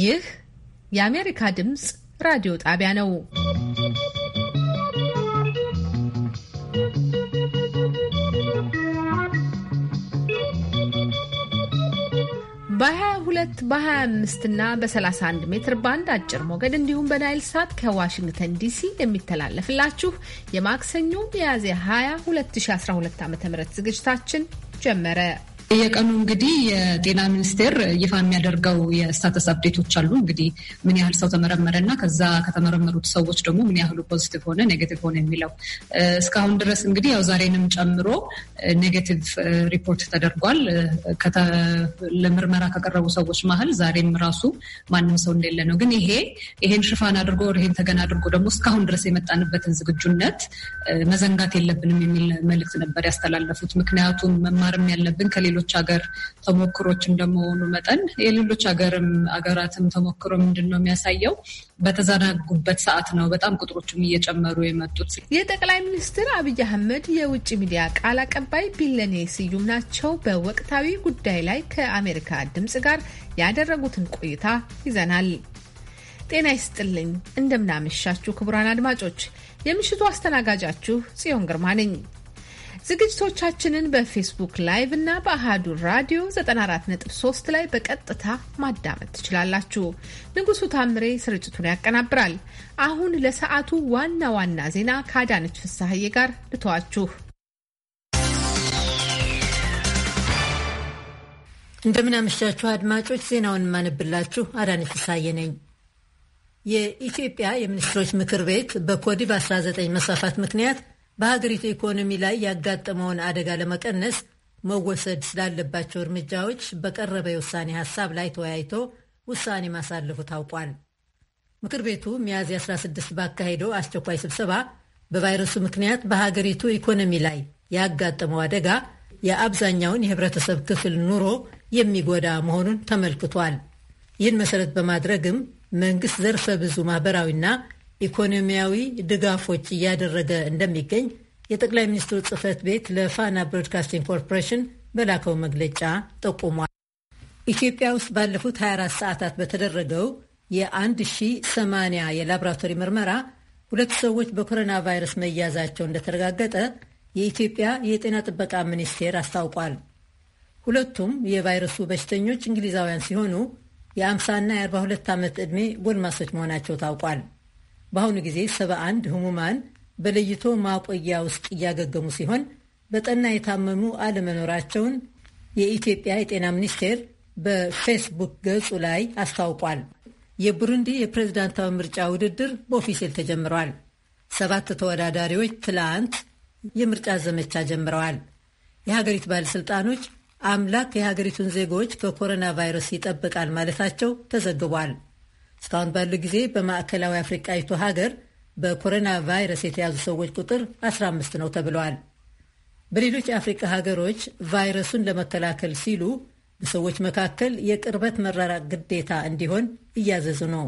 ይህ የአሜሪካ ድምፅ ራዲዮ ጣቢያ ነው። በ22 በ25 እና በ31 ሜትር ባንድ አጭር ሞገድ እንዲሁም በናይል ሳት ከዋሽንግተን ዲሲ የሚተላለፍላችሁ የማክሰኞ ሚያዝያ 2 2012 ዓ ም ዝግጅታችን ጀመረ። በየቀኑ እንግዲህ የጤና ሚኒስቴር ይፋ የሚያደርገው የስታተስ አፕዴቶች አሉ። እንግዲህ ምን ያህል ሰው ተመረመረ እና ከዛ ከተመረመሩት ሰዎች ደግሞ ምን ያህሉ ፖዚቲቭ ሆነ፣ ኔጌቲቭ ሆነ የሚለው እስካሁን ድረስ እንግዲህ ያው ዛሬንም ጨምሮ ኔጌቲቭ ሪፖርት ተደርጓል። ለምርመራ ከቀረቡ ሰዎች መሀል ዛሬም ራሱ ማንም ሰው እንደሌለ ነው። ግን ይሄ ይሄን ሽፋን አድርጎ ይሄን ተገና አድርጎ ደግሞ እስካሁን ድረስ የመጣንበትን ዝግጁነት መዘንጋት የለብንም የሚል መልእክት ነበር ያስተላለፉት። ምክንያቱም መማርም ያለብን ከሌሎ የሌሎች ሀገር ተሞክሮች እንደመሆኑ መጠን የሌሎች ሀገርም ሀገራትም ተሞክሮ ምንድን ነው የሚያሳየው በተዘናጉበት ሰዓት ነው በጣም ቁጥሮቹም እየጨመሩ የመጡት። የጠቅላይ ሚኒስትር አብይ አህመድ የውጭ ሚዲያ ቃል አቀባይ ቢለኔ ስዩም ናቸው። በወቅታዊ ጉዳይ ላይ ከአሜሪካ ድምጽ ጋር ያደረጉትን ቆይታ ይዘናል። ጤና ይስጥልኝ፣ እንደምናመሻችሁ ክቡራን አድማጮች፣ የምሽቱ አስተናጋጃችሁ ጽዮን ግርማ ነኝ። ዝግጅቶቻችንን በፌስቡክ ላይቭ እና በአህዱ ራዲዮ 94.3 ላይ በቀጥታ ማዳመጥ ትችላላችሁ። ንጉሱ ታምሬ ስርጭቱን ያቀናብራል። አሁን ለሰዓቱ ዋና ዋና ዜና ከአዳነች ፍሳሐዬ ጋር ልተዋችሁ። እንደምናመሻችሁ አድማጮች፣ ዜናውን የማነብላችሁ አዳነች ፍሳሐዬ ነኝ። የኢትዮጵያ የሚኒስትሮች ምክር ቤት በኮዲቭ 19 መስፋፋት ምክንያት በሀገሪቱ ኢኮኖሚ ላይ ያጋጠመውን አደጋ ለመቀነስ መወሰድ ስላለባቸው እርምጃዎች በቀረበ የውሳኔ ሀሳብ ላይ ተወያይቶ ውሳኔ ማሳለፉ ታውቋል። ምክር ቤቱ ሚያዝያ 16 ባካሄደው አስቸኳይ ስብሰባ በቫይረሱ ምክንያት በሀገሪቱ ኢኮኖሚ ላይ ያጋጠመው አደጋ የአብዛኛውን የህብረተሰብ ክፍል ኑሮ የሚጎዳ መሆኑን ተመልክቷል። ይህን መሰረት በማድረግም መንግስት ዘርፈ ብዙ ማህበራዊና ኢኮኖሚያዊ ድጋፎች እያደረገ እንደሚገኝ የጠቅላይ ሚኒስትሩ ጽህፈት ቤት ለፋና ብሮድካስቲንግ ኮርፖሬሽን በላከው መግለጫ ጠቁሟል። ኢትዮጵያ ውስጥ ባለፉት 24 ሰዓታት በተደረገው የ1080 የላብራቶሪ ምርመራ ሁለት ሰዎች በኮሮና ቫይረስ መያዛቸው እንደተረጋገጠ የኢትዮጵያ የጤና ጥበቃ ሚኒስቴር አስታውቋል። ሁለቱም የቫይረሱ በሽተኞች እንግሊዛውያን ሲሆኑ የ50ና የ42 ዓመት ዕድሜ ጎልማሶች መሆናቸው ታውቋል። በአሁኑ ጊዜ አንድ ህሙማን በለይቶ ማቆያ ውስጥ እያገገሙ ሲሆን በጠና የታመሙ አለመኖራቸውን የኢትዮጵያ የጤና ሚኒስቴር በፌስቡክ ገጹ ላይ አስታውቋል። የቡሩንዲ የፕሬዝዳንታዊ ምርጫ ውድድር በኦፊሴል ተጀምሯል። ሰባት ተወዳዳሪዎች ትላንት የምርጫ ዘመቻ ጀምረዋል። የሀገሪቱ ባለሥልጣኖች አምላክ የሀገሪቱን ዜጎች ከኮሮና ቫይረስ ይጠብቃል ማለታቸው ተዘግቧል። እስካሁን ባለው ጊዜ በማዕከላዊ አፍሪቃዊቱ ሀገር በኮሮና ቫይረስ የተያዙ ሰዎች ቁጥር 15 ነው ተብለዋል። በሌሎች የአፍሪቃ ሀገሮች ቫይረሱን ለመከላከል ሲሉ በሰዎች መካከል የቅርበት መራራቅ ግዴታ እንዲሆን እያዘዙ ነው።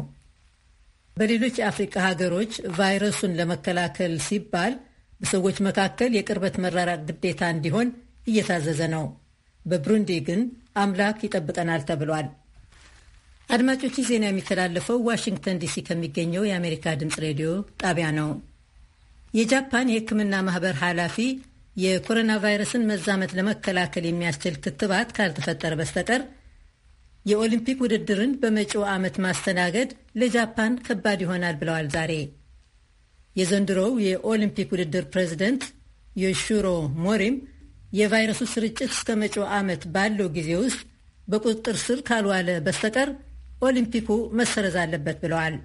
በሌሎች የአፍሪቃ ሀገሮች ቫይረሱን ለመከላከል ሲባል በሰዎች መካከል የቅርበት መራራቅ ግዴታ እንዲሆን እየታዘዘ ነው። በብሩንዲ ግን አምላክ ይጠብቀናል ተብሏል። አድማጮች ዜና የሚተላለፈው ዋሽንግተን ዲሲ ከሚገኘው የአሜሪካ ድምፅ ሬዲዮ ጣቢያ ነው። የጃፓን የሕክምና ማህበር ኃላፊ የኮሮና ቫይረስን መዛመት ለመከላከል የሚያስችል ክትባት ካልተፈጠረ በስተቀር የኦሊምፒክ ውድድርን በመጪው ዓመት ማስተናገድ ለጃፓን ከባድ ይሆናል ብለዋል። ዛሬ የዘንድሮው የኦሊምፒክ ውድድር ፕሬዚደንት የሹሮ ሞሪም የቫይረሱ ስርጭት እስከ መጪው ዓመት ባለው ጊዜ ውስጥ በቁጥጥር ስር ካልዋለ በስተቀር ኦሊምፒኩ መሰረዝ አለበት ብለዋል።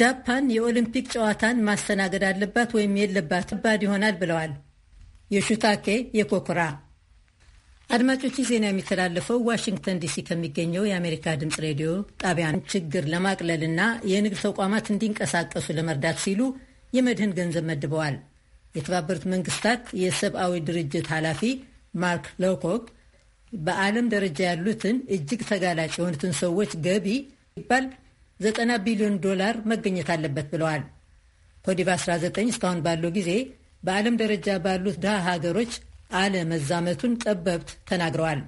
ጃፓን የኦሊምፒክ ጨዋታን ማስተናገድ አለባት ወይም የለባት ከባድ ይሆናል ብለዋል የሹታኬ የኮኩራ። አድማጮች ዜና የሚተላለፈው ዋሽንግተን ዲሲ ከሚገኘው የአሜሪካ ድምፅ ሬዲዮ ጣቢያን ችግር ለማቅለልና የንግድ ተቋማት እንዲንቀሳቀሱ ለመርዳት ሲሉ የመድህን ገንዘብ መድበዋል። የተባበሩት መንግስታት የሰብአዊ ድርጅት ኃላፊ ማርክ ሎኮክ በዓለም ደረጃ ያሉትን እጅግ ተጋላጭ የሆኑትን ሰዎች ገቢ ይባል 90 ቢሊዮን ዶላር መገኘት አለበት ብለዋል። ኮዲቭ 19 እስካሁን ባለው ጊዜ በዓለም ደረጃ ባሉት ድሃ ሀገሮች አለመዛመቱን ጠበብት ተናግረዋል።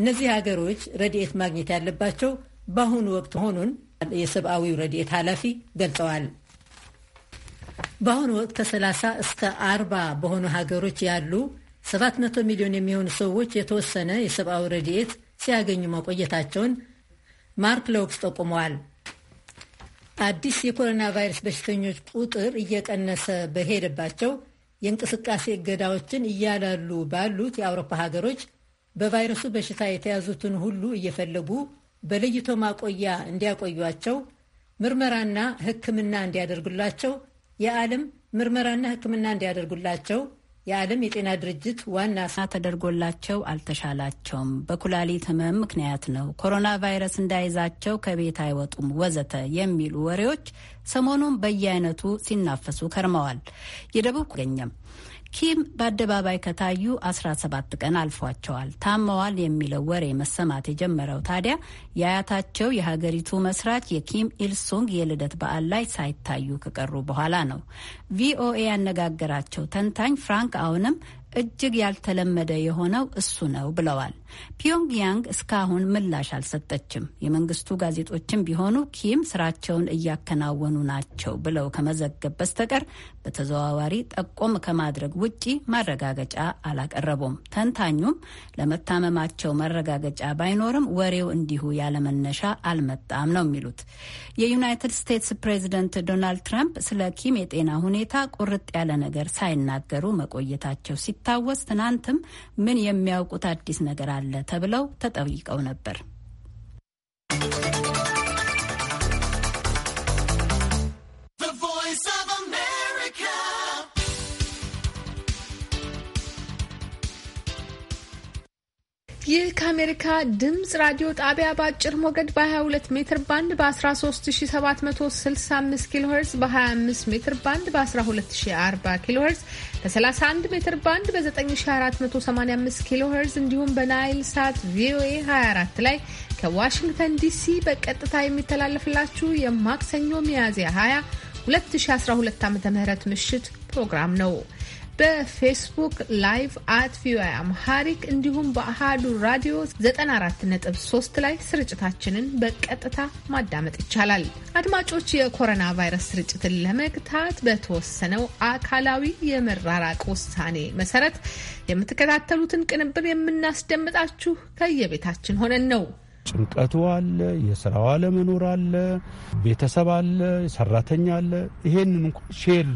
እነዚህ ሀገሮች ረድኤት ማግኘት ያለባቸው በአሁኑ ወቅት መሆኑን የሰብአዊው ረድኤት ኃላፊ ገልጸዋል። በአሁኑ ወቅት ከ30 እስከ 40 በሆኑ ሀገሮች ያሉ 700 ሚሊዮን የሚሆኑ ሰዎች የተወሰነ የሰብአዊ ረድኤት ሲያገኙ መቆየታቸውን ማርክ ሎክስ ጠቁመዋል። አዲስ የኮሮና ቫይረስ በሽተኞች ቁጥር እየቀነሰ በሄደባቸው የእንቅስቃሴ እገዳዎችን እያላሉ ባሉት የአውሮፓ ሀገሮች በቫይረሱ በሽታ የተያዙትን ሁሉ እየፈለጉ በለይቶ ማቆያ እንዲያቆያቸው ምርመራና ሕክምና እንዲያደርጉላቸው የዓለም ምርመራና ሕክምና እንዲያደርጉላቸው የዓለም የጤና ድርጅት ዋና ሳ ተደርጎላቸው አልተሻላቸውም። በኩላሊት ህመም ምክንያት ነው፣ ኮሮና ቫይረስ እንዳይዛቸው ከቤት አይወጡም፣ ወዘተ የሚሉ ወሬዎች ሰሞኑን በየአይነቱ ሲናፈሱ ከርመዋል። የደቡብ ገኘም ኪም በአደባባይ ከታዩ 17 ቀን አልፏቸዋል። ታመዋል የሚለው ወሬ መሰማት የጀመረው ታዲያ የአያታቸው የሀገሪቱ መስራች የኪም ኢልሱንግ የልደት በዓል ላይ ሳይታዩ ከቀሩ በኋላ ነው። ቪኦኤ ያነጋገራቸው ተንታኝ ፍራንክ አሁንም እጅግ ያልተለመደ የሆነው እሱ ነው ብለዋል። ፒዮንግያንግ እስካሁን ምላሽ አልሰጠችም። የመንግስቱ ጋዜጦችም ቢሆኑ ኪም ስራቸውን እያከናወኑ ናቸው ብለው ከመዘገብ በስተቀር በተዘዋዋሪ ጠቆም ከማድረግ ውጪ ማረጋገጫ አላቀረቡም። ተንታኙም ለመታመማቸው መረጋገጫ ባይኖርም ወሬው እንዲሁ ያለመነሻ አልመጣም ነው የሚሉት። የዩናይትድ ስቴትስ ፕሬዚደንት ዶናልድ ትራምፕ ስለ ኪም የጤና ሁኔታ ቁርጥ ያለ ነገር ሳይናገሩ መቆየታቸው ሲታወስ ትናንትም ምን የሚያውቁት አዲስ ነገር አለ ተብለው ተጠይቀው ነበር። ይህ ከአሜሪካ ድምፅ ራዲዮ ጣቢያ በአጭር ሞገድ በ22 ሜትር ባንድ በ13765 ኪሎ ሄርዝ በ25 ሜትር ባንድ በ1240 ኪሎ ሄርዝ በ31 ሜትር ባንድ በ9485 ኪሎ ሄርዝ እንዲሁም በናይል ሳት ቪኦኤ 24 ላይ ከዋሽንግተን ዲሲ በቀጥታ የሚተላለፍላችሁ የማክሰኞ ሚያዝያ 20 2012 ዓ ም ምሽት ፕሮግራም ነው። በፌስቡክ ላይቭ አት ቪኦኤ አምሃሪክ እንዲሁም በአሃዱ ራዲዮ 94.3 ላይ ስርጭታችንን በቀጥታ ማዳመጥ ይቻላል። አድማጮች የኮሮና ቫይረስ ስርጭትን ለመግታት በተወሰነው አካላዊ የመራራቅ ውሳኔ መሰረት የምትከታተሉትን ቅንብር የምናስደምጣችሁ ከየቤታችን ሆነን ነው። ጭንቀቱ አለ፣ የስራው አለመኖር አለ፣ ቤተሰብ አለ፣ ሰራተኛ አለ። ይሄንን ሼር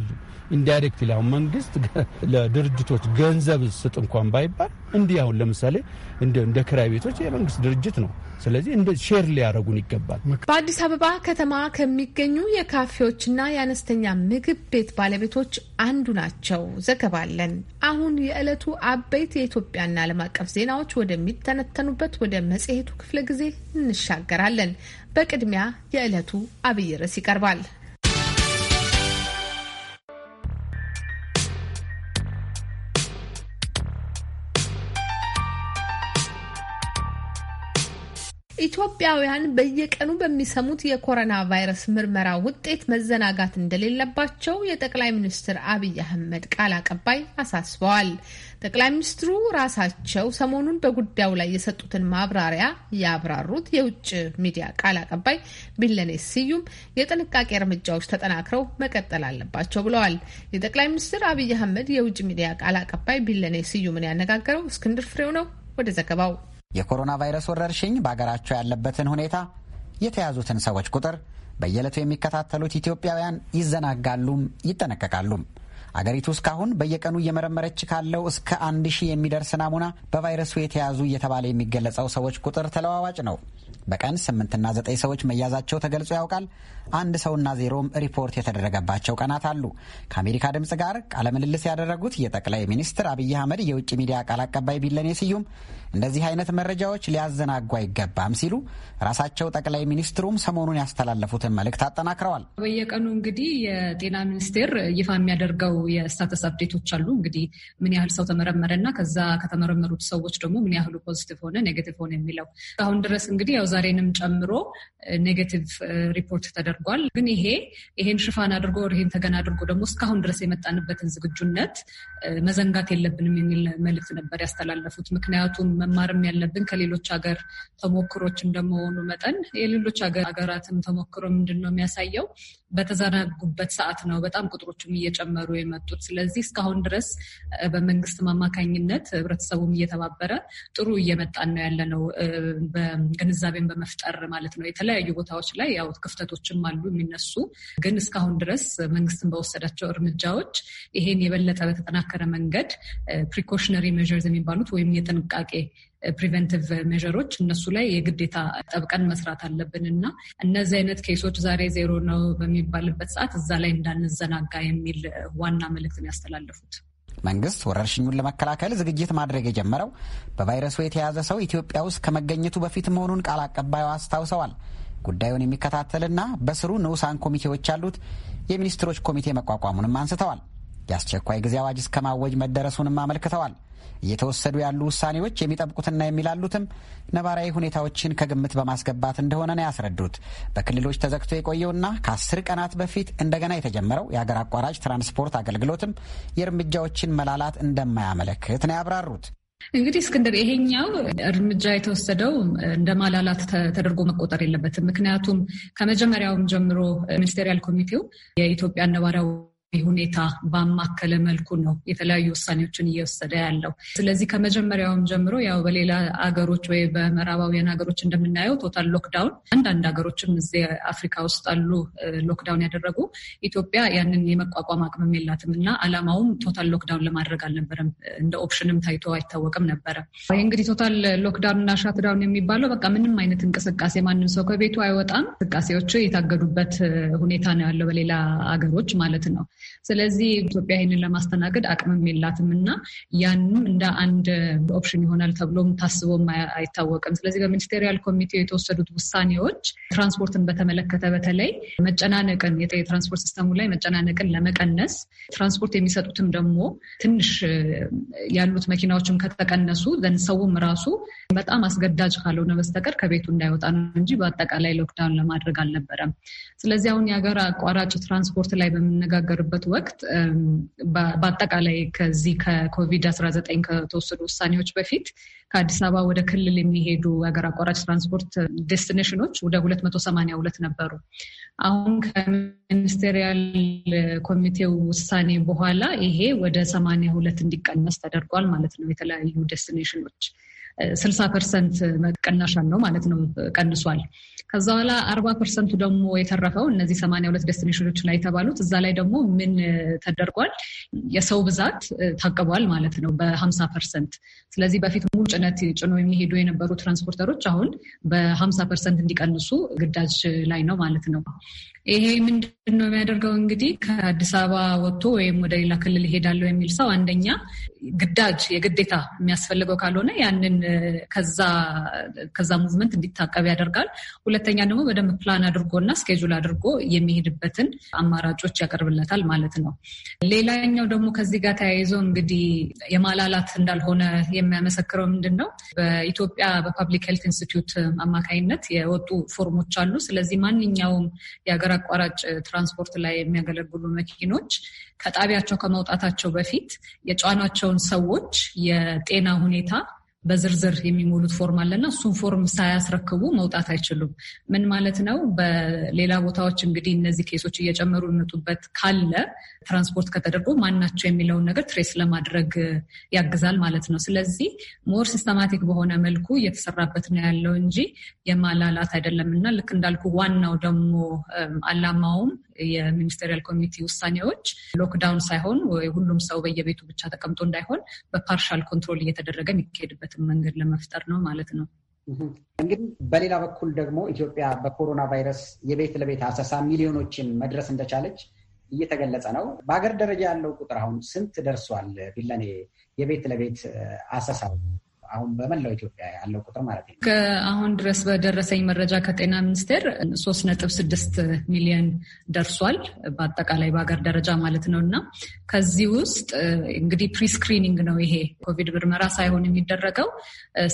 ኢንዳይሬክት አሁን መንግስት ለድርጅቶች ገንዘብ ስጥ እንኳን ባይባል እንዲህ አሁን ለምሳሌ እንደ ክራይ ቤቶች የመንግስት ድርጅት ነው። ስለዚህ እንደ ሼር ሊያደረጉን ይገባል። በአዲስ አበባ ከተማ ከሚገኙ የካፌዎችና የአነስተኛ ምግብ ቤት ባለቤቶች አንዱ ናቸው። ዘገባለን። አሁን የዕለቱ አበይት የኢትዮጵያና ዓለም አቀፍ ዜናዎች ወደሚተነተኑበት ወደ መጽሔቱ ክፍለ ጊዜ እንሻገራለን። በቅድሚያ የዕለቱ አብይ ርዕስ ይቀርባል። ኢትዮጵያውያን በየቀኑ በሚሰሙት የኮሮና ቫይረስ ምርመራ ውጤት መዘናጋት እንደሌለባቸው የጠቅላይ ሚኒስትር አብይ አህመድ ቃል አቀባይ አሳስበዋል። ጠቅላይ ሚኒስትሩ ራሳቸው ሰሞኑን በጉዳዩ ላይ የሰጡትን ማብራሪያ ያብራሩት የውጭ ሚዲያ ቃል አቀባይ ቢለኔ ስዩም የጥንቃቄ እርምጃዎች ተጠናክረው መቀጠል አለባቸው ብለዋል። የጠቅላይ ሚኒስትር አብይ አህመድ የውጭ ሚዲያ ቃል አቀባይ ቢለኔ ስዩምን ያነጋገረው እስክንድር ፍሬው ነው። ወደ ዘገባው የኮሮና ቫይረስ ወረርሽኝ በሀገራቸው ያለበትን ሁኔታ፣ የተያዙትን ሰዎች ቁጥር በየዕለቱ የሚከታተሉት ኢትዮጵያውያን ይዘናጋሉም ይጠነቀቃሉም። አገሪቱ እስካሁን በየቀኑ እየመረመረች ካለው እስከ አንድ ሺህ የሚደርስ ናሙና በቫይረሱ የተያዙ እየተባለ የሚገለጸው ሰዎች ቁጥር ተለዋዋጭ ነው። በቀን ስምንትና ዘጠኝ ሰዎች መያዛቸው ተገልጾ ያውቃል። አንድ ሰውና ዜሮም ሪፖርት የተደረገባቸው ቀናት አሉ። ከአሜሪካ ድምፅ ጋር ቃለምልልስ ያደረጉት የጠቅላይ ሚኒስትር አብይ አህመድ የውጭ ሚዲያ ቃል አቀባይ ቢለኔ ስዩም እንደዚህ አይነት መረጃዎች ሊያዘናጉ አይገባም ሲሉ ራሳቸው ጠቅላይ ሚኒስትሩም ሰሞኑን ያስተላለፉትን መልእክት አጠናክረዋል። በየቀኑ እንግዲህ የጤና ሚኒስቴር ይፋ የሚያደርገው የስታተስ አፕዴቶች አሉ። እንግዲህ ምን ያህል ሰው ተመረመረ እና ከዛ ከተመረመሩት ሰዎች ደግሞ ምን ያህሉ ፖዚቲቭ ሆነ፣ ኔጌቲቭ ሆነ የሚለው አሁን ድረስ እንግዲህ ያው ዛሬንም ጨምሮ ኔጌቲቭ ሪፖርት ተደርጓል። ግን ይሄ ይሄን ሽፋን አድርጎ ይሄን ተገና አድርጎ ደግሞ እስካሁን ድረስ የመጣንበትን ዝግጁነት መዘንጋት የለብንም የሚል መልእክት ነበር ያስተላለፉት። ምክንያቱም መማርም ያለብን ከሌሎች ሀገር ተሞክሮች እንደመሆኑ መጠን የሌሎች ሀገራትም ተሞክሮ ምንድን ነው የሚያሳየው በተዘናጉበት ሰዓት ነው በጣም ቁጥሮችም እየጨመሩ የመጡት። ስለዚህ እስካሁን ድረስ በመንግስት አማካኝነት ህብረተሰቡም እየተባበረ ጥሩ እየመጣን ነው ያለ ነው። ግንዛቤን በመፍጠር ማለት ነው። የተለያዩ ቦታዎች ላይ ያው ክፍተቶችም አሉ የሚነሱ ግን እስካሁን ድረስ መንግስትን በወሰዳቸው እርምጃዎች ይሄን የበለጠ በተጠናከረ መንገድ ፕሪኮሽነሪ ሜዥርስ የሚባሉት ወይም የጥንቃቄ ፕሪቨንቲቭ ሜዥሮች እነሱ ላይ የግዴታ ጠብቀን መስራት አለብን እና እነዚህ አይነት ኬሶች ዛሬ ዜሮ ነው በሚባልበት ሰዓት እዛ ላይ እንዳንዘናጋ የሚል ዋና መልእክት ነው ያስተላለፉት። መንግስት ወረርሽኙን ለመከላከል ዝግጅት ማድረግ የጀመረው በቫይረሱ የተያዘ ሰው ኢትዮጵያ ውስጥ ከመገኘቱ በፊት መሆኑን ቃል አቀባዩ አስታውሰዋል። ጉዳዩን የሚከታተልና በስሩ ንዑሳን ኮሚቴዎች ያሉት የሚኒስትሮች ኮሚቴ መቋቋሙንም አንስተዋል። የአስቸኳይ ጊዜ አዋጅ እስከ ማወጅ መደረሱንም አመልክተዋል። እየተወሰዱ ያሉ ውሳኔዎች የሚጠብቁትና የሚላሉትም ነባራዊ ሁኔታዎችን ከግምት በማስገባት እንደሆነ ነው ያስረዱት። በክልሎች ተዘግቶ የቆየውና ከአስር ቀናት በፊት እንደገና የተጀመረው የአገር አቋራጭ ትራንስፖርት አገልግሎትም የእርምጃዎችን መላላት እንደማያመለክት ነው ያብራሩት። እንግዲህ እስክንድር ይሄኛው እርምጃ የተወሰደው እንደ ማላላት ተደርጎ መቆጠር የለበትም። ምክንያቱም ከመጀመሪያውም ጀምሮ ሚኒስቴሪያል ኮሚቴው የኢትዮጵያ ነባሪያው ሁኔታ ባማከለ መልኩ ነው የተለያዩ ውሳኔዎችን እየወሰደ ያለው። ስለዚህ ከመጀመሪያውም ጀምሮ ያው በሌላ አገሮች ወይ በምዕራባውያን ሀገሮች እንደምናየው ቶታል ሎክዳውን፣ አንዳንድ ሀገሮችም እዚህ አፍሪካ ውስጥ አሉ ሎክዳውን ያደረጉ። ኢትዮጵያ ያንን የመቋቋም አቅምም የላትም እና አላማውም ቶታል ሎክዳውን ለማድረግ አልነበረም። እንደ ኦፕሽንም ታይቶ አይታወቅም ነበረ። ይህ እንግዲህ ቶታል ሎክዳውን እና ሻትዳውን የሚባለው በቃ ምንም አይነት እንቅስቃሴ ማንም ሰው ከቤቱ አይወጣም፣ እንቅስቃሴዎቹ የታገዱበት ሁኔታ ነው ያለው በሌላ አገሮች ማለት ነው። ስለዚህ ኢትዮጵያ ይህንን ለማስተናገድ አቅምም የላትም እና ያንም እንደ አንድ ኦፕሽን ይሆናል ተብሎም ታስቦም አይታወቅም። ስለዚህ በሚኒስቴሪያል ኮሚቴው የተወሰዱት ውሳኔዎች ትራንስፖርትን በተመለከተ በተለይ መጨናነቅን የትራንስፖርት ሲስተሙ ላይ መጨናነቅን ለመቀነስ ትራንስፖርት የሚሰጡትም ደግሞ ትንሽ ያሉት መኪናዎችም ከተቀነሱ ዘን ሰውም ራሱ በጣም አስገዳጅ ካልሆነ በስተቀር ከቤቱ እንዳይወጣ ነው እንጂ በአጠቃላይ ሎክዳውን ለማድረግ አልነበረም። ስለዚህ አሁን የሀገር አቋራጭ ትራንስፖርት ላይ በምነጋገር በነበርበት ወቅት በአጠቃላይ ከዚህ ከኮቪድ-19 ከተወሰዱ ውሳኔዎች በፊት ከአዲስ አበባ ወደ ክልል የሚሄዱ ሀገር አቋራጭ ትራንስፖርት ዴስቲኔሽኖች ወደ 282 ነበሩ። አሁን ከሚኒስቴሪያል ኮሚቴው ውሳኔ በኋላ ይሄ ወደ 82 እንዲቀነስ ተደርጓል ማለት ነው የተለያዩ ዴስቲኔሽኖች ስልሳ ፐርሰንት ቅናሽ አለው ማለት ነው ቀንሷል። ከዛ በኋላ አርባ ፐርሰንቱ ደግሞ የተረፈው እነዚህ ሰማንያ ሁለት ዴስቲኔሽኖች ላይ የተባሉት እዛ ላይ ደግሞ ምን ተደርጓል? የሰው ብዛት ታቅቧል ማለት ነው በሀምሳ ፐርሰንት። ስለዚህ በፊት ሙሉ ጭነት ጭኖ የሚሄዱ የነበሩ ትራንስፖርተሮች አሁን በሀምሳ ፐርሰንት እንዲቀንሱ ግዳጅ ላይ ነው ማለት ነው። ይሄ ምንድ ነው የሚያደርገው። እንግዲህ ከአዲስ አበባ ወጥቶ ወይም ወደ ሌላ ክልል ይሄዳለሁ የሚል ሰው አንደኛ ግዳጅ የግዴታ የሚያስፈልገው ካልሆነ ያንን ከዛ ሙቭመንት እንዲታቀብ ያደርጋል። ሁለተኛ ደግሞ በደንብ ፕላን አድርጎና ስኬጁል አድርጎ የሚሄድበትን አማራጮች ያቀርብለታል ማለት ነው። ሌላኛው ደግሞ ከዚህ ጋር ተያይዞ እንግዲህ የማላላት እንዳልሆነ የሚያመሰክረው ምንድን ነው? በኢትዮጵያ በፓብሊክ ሄልት ኢንስቲትዩት አማካይነት የወጡ ፎርሞች አሉ። ስለዚህ ማንኛውም የሀገር አቋራጭ ትራንስፖርት ላይ የሚያገለግሉ መኪኖች ከጣቢያቸው ከመውጣታቸው በፊት የጫኗቸውን ሰዎች የጤና ሁኔታ በዝርዝር የሚሞሉት ፎርም አለና እሱን ፎርም ሳያስረክቡ መውጣት አይችሉም። ምን ማለት ነው? በሌላ ቦታዎች እንግዲህ እነዚህ ኬሶች እየጨመሩ የሚመጡበት ካለ ትራንስፖርት ከተደርጎ ማናቸው የሚለውን ነገር ትሬስ ለማድረግ ያግዛል ማለት ነው። ስለዚህ ሞር ሲስተማቲክ በሆነ መልኩ እየተሰራበት ነው ያለው እንጂ የማላላት አይደለም እና ልክ እንዳልኩ ዋናው ደግሞ አላማውም የሚኒስቴሪያል ኮሚቴ ውሳኔዎች ሎክዳውን ሳይሆን ሁሉም ሰው በየቤቱ ብቻ ተቀምጦ እንዳይሆን በፓርሻል ኮንትሮል እየተደረገ የሚካሄድበትን መንገድ ለመፍጠር ነው ማለት ነው። እንግዲህ በሌላ በኩል ደግሞ ኢትዮጵያ በኮሮና ቫይረስ የቤት ለቤት አሰሳ ሚሊዮኖችን መድረስ እንደቻለች እየተገለጸ ነው። በሀገር ደረጃ ያለው ቁጥር አሁን ስንት ደርሷል? ቢለኔ የቤት ለቤት አሰሳው አሁን በመላው ኢትዮጵያ ያለው ቁጥር ማለት ነው። ከአሁን ድረስ በደረሰኝ መረጃ ከጤና ሚኒስቴር ሶስት ነጥብ ስድስት ሚሊዮን ደርሷል በአጠቃላይ በሀገር ደረጃ ማለት ነው። እና ከዚህ ውስጥ እንግዲህ ፕሪስክሪኒንግ ነው ይሄ ኮቪድ ምርመራ ሳይሆን የሚደረገው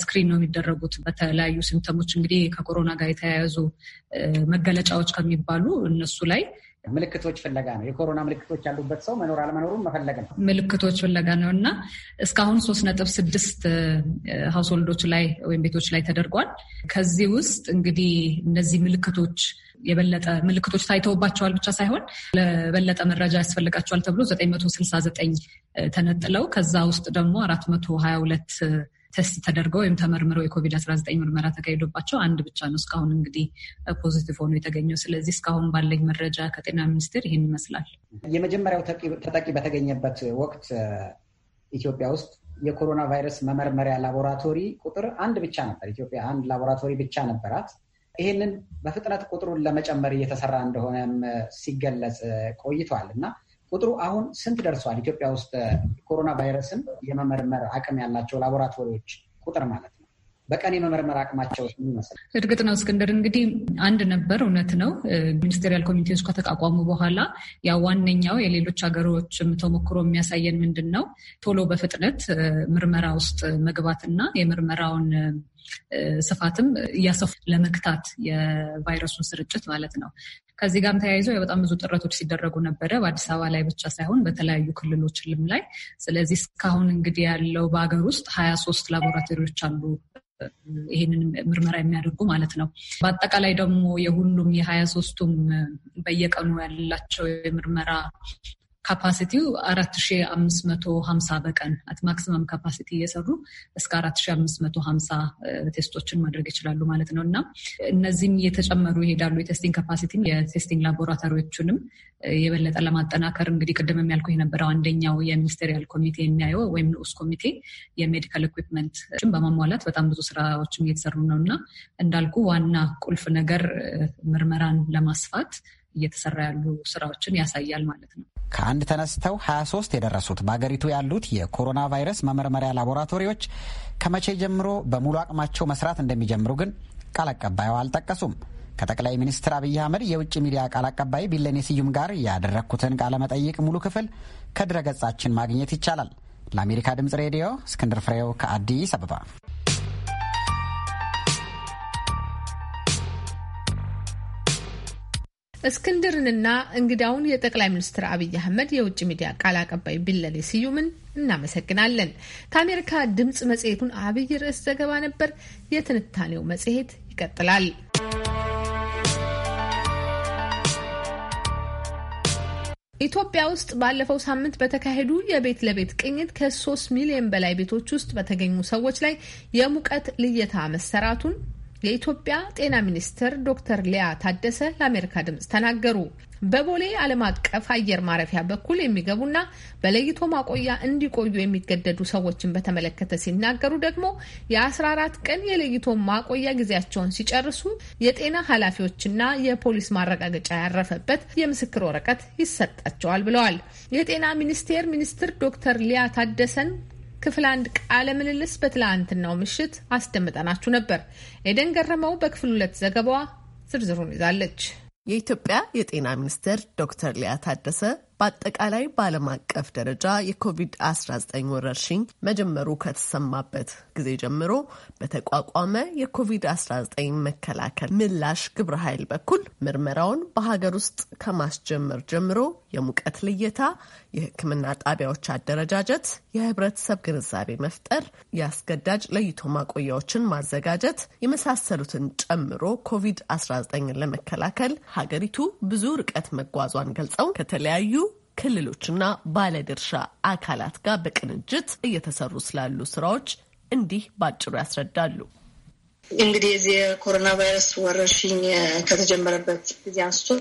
ስክሪን ነው የሚደረጉት በተለያዩ ሲምተሞች እንግዲህ ከኮሮና ጋር የተያያዙ መገለጫዎች ከሚባሉ እነሱ ላይ ምልክቶች ፍለጋ ነው። የኮሮና ምልክቶች ያሉበት ሰው መኖር አለመኖሩን መፈለግ ነው። ምልክቶች ፍለጋ ነው እና እስካሁን ሶስት ነጥብ ስድስት ሀውስሆልዶች ላይ ወይም ቤቶች ላይ ተደርጓል። ከዚህ ውስጥ እንግዲህ እነዚህ ምልክቶች የበለጠ ምልክቶች ታይተውባቸዋል ብቻ ሳይሆን ለበለጠ መረጃ ያስፈልጋቸዋል ተብሎ 969 ተነጥለው ከዛ ውስጥ ደግሞ 422 ቴስት ተደርገው ወይም ተመርምረው የኮቪድ-19 ምርመራ ተካሂዶባቸው አንድ ብቻ ነው እስካሁን እንግዲህ ፖዚቲቭ ሆኖ የተገኘው። ስለዚህ እስካሁን ባለኝ መረጃ ከጤና ሚኒስቴር ይህን ይመስላል። የመጀመሪያው ተጠቂ በተገኘበት ወቅት ኢትዮጵያ ውስጥ የኮሮና ቫይረስ መመርመሪያ ላቦራቶሪ ቁጥር አንድ ብቻ ነበር። ኢትዮጵያ አንድ ላቦራቶሪ ብቻ ነበራት። ይህንን በፍጥነት ቁጥሩን ለመጨመር እየተሰራ እንደሆነም ሲገለጽ ቆይቷል እና ቁጥሩ አሁን ስንት ደርሷል? ኢትዮጵያ ውስጥ ኮሮና ቫይረስን የመመርመር አቅም ያላቸው ላቦራቶሪዎች ቁጥር ማለት ነው። በቀን የመመርመር አቅማቸው ይመስላል። እርግጥ ነው እስክንድር፣ እንግዲህ አንድ ነበር እውነት ነው። ሚኒስቴሪያል ኮሚቴዎች ከተቋቋሙ በኋላ ያ ዋነኛው የሌሎች ሀገሮች ተሞክሮ የሚያሳየን ምንድን ነው፣ ቶሎ በፍጥነት ምርመራ ውስጥ መግባትና የምርመራውን ስፋትም እያሰፉ ለመግታት የቫይረሱን ስርጭት ማለት ነው። ከዚህ ጋርም ተያይዞ በጣም ብዙ ጥረቶች ሲደረጉ ነበረ፣ በአዲስ አበባ ላይ ብቻ ሳይሆን በተለያዩ ክልሎችልም ላይ። ስለዚህ እስካሁን እንግዲህ ያለው በሀገር ውስጥ ሀያ ሶስት ላቦራቶሪዎች አሉ ይህንን ምርመራ የሚያደርጉ ማለት ነው። በአጠቃላይ ደግሞ የሁሉም የሀያ ሶስቱም በየቀኑ ያላቸው የምርመራ ካፓሲቲው አራት ሺ አምስት መቶ ሀምሳ በቀን አት ማክሲማም ካፓሲቲ እየሰሩ እስከ አራት ሺ አምስት መቶ ሀምሳ ቴስቶችን ማድረግ ይችላሉ ማለት ነው እና እነዚህም እየተጨመሩ ይሄዳሉ። የቴስቲንግ ካፓሲቲ የቴስቲንግ ላቦራቶሪዎቹንም የበለጠ ለማጠናከር እንግዲህ ቅድም የሚያልኩ የነበረው አንደኛው የሚኒስቴሪያል ኮሚቴ የሚያየው ወይም ንዑስ ኮሚቴ የሜዲካል ኢኩዊፕመንትን በማሟላት በጣም ብዙ ስራዎችም እየተሰሩ ነው እና እንዳልኩ ዋና ቁልፍ ነገር ምርመራን ለማስፋት እየተሰራ ያሉ ስራዎችን ያሳያል ማለት ነው። ከአንድ ተነስተው 23 የደረሱት በሀገሪቱ ያሉት የኮሮና ቫይረስ መመርመሪያ ላቦራቶሪዎች ከመቼ ጀምሮ በሙሉ አቅማቸው መስራት እንደሚጀምሩ ግን ቃል አቀባዩ አልጠቀሱም። ከጠቅላይ ሚኒስትር አብይ አህመድ የውጭ ሚዲያ ቃል አቀባይ ቢለኔ ስዩም ጋር ያደረግኩትን ቃለ መጠይቅ ሙሉ ክፍል ከድረገጻችን ማግኘት ይቻላል። ለአሜሪካ ድምጽ ሬዲዮ እስክንድር ፍሬው ከአዲስ አበባ እስክንድርንና እንግዳውን የጠቅላይ ሚኒስትር አብይ አህመድ የውጭ ሚዲያ ቃል አቀባይ ቢለኔ ስዩምን እናመሰግናለን። ከአሜሪካ ድምፅ መጽሔቱን አብይ ርዕስ ዘገባ ነበር። የትንታኔው መጽሔት ይቀጥላል። ኢትዮጵያ ውስጥ ባለፈው ሳምንት በተካሄዱ የቤት ለቤት ቅኝት ከሶስት ሚሊዮን በላይ ቤቶች ውስጥ በተገኙ ሰዎች ላይ የሙቀት ልየታ መሰራቱን የኢትዮጵያ ጤና ሚኒስትር ዶክተር ሊያ ታደሰ ለአሜሪካ ድምፅ ተናገሩ። በቦሌ ዓለም አቀፍ አየር ማረፊያ በኩል የሚገቡና በለይቶ ማቆያ እንዲቆዩ የሚገደዱ ሰዎችን በተመለከተ ሲናገሩ ደግሞ የ14 ቀን የለይቶ ማቆያ ጊዜያቸውን ሲጨርሱ የጤና ኃላፊዎችና የፖሊስ ማረጋገጫ ያረፈበት የምስክር ወረቀት ይሰጣቸዋል ብለዋል። የጤና ሚኒስቴር ሚኒስትር ዶክተር ሊያ ታደሰን ክፍል አንድ ቃለ ምልልስ በትላንትናው ምሽት አስደምጠናችሁ ነበር። ኤደን ገረመው በክፍል ሁለት ዘገባዋ ዝርዝሩን ይዛለች። የኢትዮጵያ የጤና ሚኒስቴር ዶክተር ሊያ ታደሰ በአጠቃላይ በዓለም አቀፍ ደረጃ የኮቪድ-19 ወረርሽኝ መጀመሩ ከተሰማበት ጊዜ ጀምሮ በተቋቋመ የኮቪድ-19 መከላከል ምላሽ ግብረ ኃይል በኩል ምርመራውን በሀገር ውስጥ ከማስጀመር ጀምሮ የሙቀት ልየታ፣ የሕክምና ጣቢያዎች አደረጃጀት፣ የህብረተሰብ ግንዛቤ መፍጠር፣ የአስገዳጅ ለይቶ ማቆያዎችን ማዘጋጀት የመሳሰሉትን ጨምሮ ኮቪድ-19ን ለመከላከል ሀገሪቱ ብዙ ርቀት መጓዟን ገልጸው ከተለያዩ ክልሎችና ባለድርሻ አካላት ጋር በቅንጅት እየተሰሩ ስላሉ ስራዎች እንዲህ ባጭሩ ያስረዳሉ። እንግዲህ የዚህ የኮሮና ቫይረስ ወረርሽኝ ከተጀመረበት ጊዜ አንስቶ